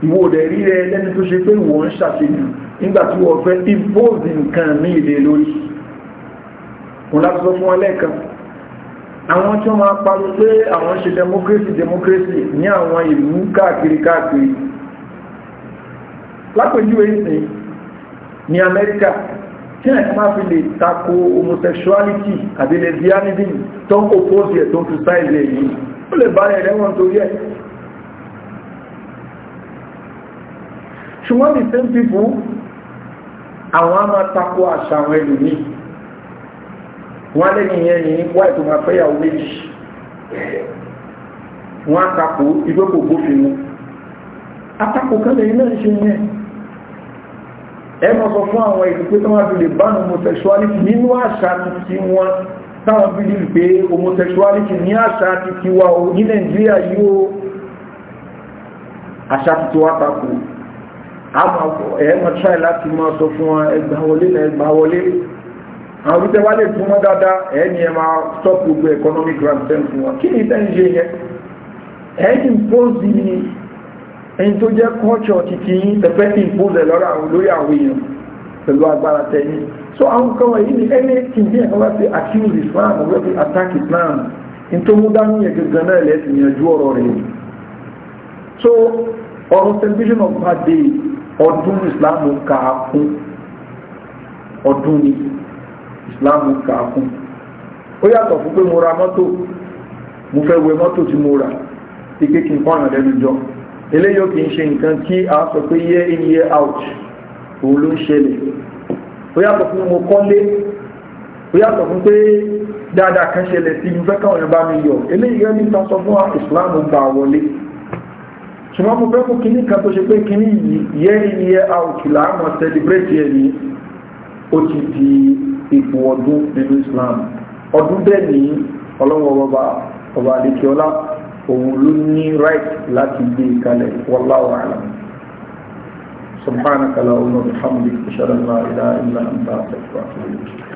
ìwò rẹ̀ rí rẹ lẹ́ni tó ṣe pé ìwọ̀n ń ṣàṣejù nígbà tí wọ́n fẹ́ impose nǹkan ní ilé lórí òun láti sọ fún wọn lẹ́ẹ̀kan àwọn tí wọ́n máa parọ́ pé àwọn ṣe democracy democracy ní àwọn ìlú káàkiri káàkiri lápèjúwe ìsìn ní Amẹ́ríkà tí ẹ̀ka máa fi lè tako homosexuality àbí lesbianism tó ń oppose ẹ̀ tó ń criticize ẹ̀ yìí ó lè bá ẹ̀rẹ́ wọn torí ẹ̀ ṣùgbọ́n the same people àwọn á máa tako àṣà àwọn ẹlòmíì wọ́n á lẹ́yìn yẹn ní wáì tó máa fẹ́yàwó méjì wọ́n á tako ìgbẹ́kògbófin mu àtakò kan lè náà ṣe yẹn ẹ mọ̀ sọ fún àwọn ìlú pé tọ́wọ́n fi lè bánu homosexuality nínú àṣà ti wọn táwọn fi lè pé homosexuality ní àṣà ti ti wa o ní nàìjíríà yóò àṣà ti ti wa tako ẹ mọ̀ try láti mọ̀ sọ fún wọn ẹgbà wọlé na ẹgbà ẹni tó jẹ́ culture títí yín tẹ́fẹ́ ìpóòlẹ̀ lọ́rọ̀ àwọn olórí àwọn èèyàn pẹ̀lú agbára tẹ́yìn so àwọn kan wọ̀nyí ni anything bí ẹ̀kọ́ bá fi accuse Islam ọ̀gbẹ́ fi attack Islam ní tó mú dání yẹn gangan náà lẹ́sìn yanjú ọ̀rọ̀ rẹ̀ so ọ̀rọ̀ celebration of bad day ọdún Islam kà á kún ọdún ni Islam kà á kún ó yàtọ̀ fún pé mo ra mọ́tò mo fẹ́ wẹ mọ́tò tí mo rà ike kí n kọ́ ọ̀nà lẹ́nu jọ eléyìí kì í ṣe nǹkan tí a sọ pé year in year out òun ló ń ṣẹlẹ̀ ó yàtọ̀ fún mo kọ́lé ó yàtọ̀ fún pé dáadáa kan ṣẹlẹ̀ sí mo fẹ́ káwọn bá mi yọ eléyìí rẹ́ níta sọ fún Islam gbà wọlé ṣùgbọ́n mo fẹ́ kó kíní kan tó ṣe pé kíní yìí year in year out làámọ̀ celebrate yẹn ni ó ti di ipò ọdún nínú Islam ọdún bẹ́ẹ̀ ni ọlọ́wọ́ bàbá ọba àdékẹ́ọ́lá òun ló ní right láti gbé e kalẹ̀ wallahu a'lam subhanaka allahumma wa bihamdika ashhadu an la ilaha illa anta astaghfiruka wa atubu ilayk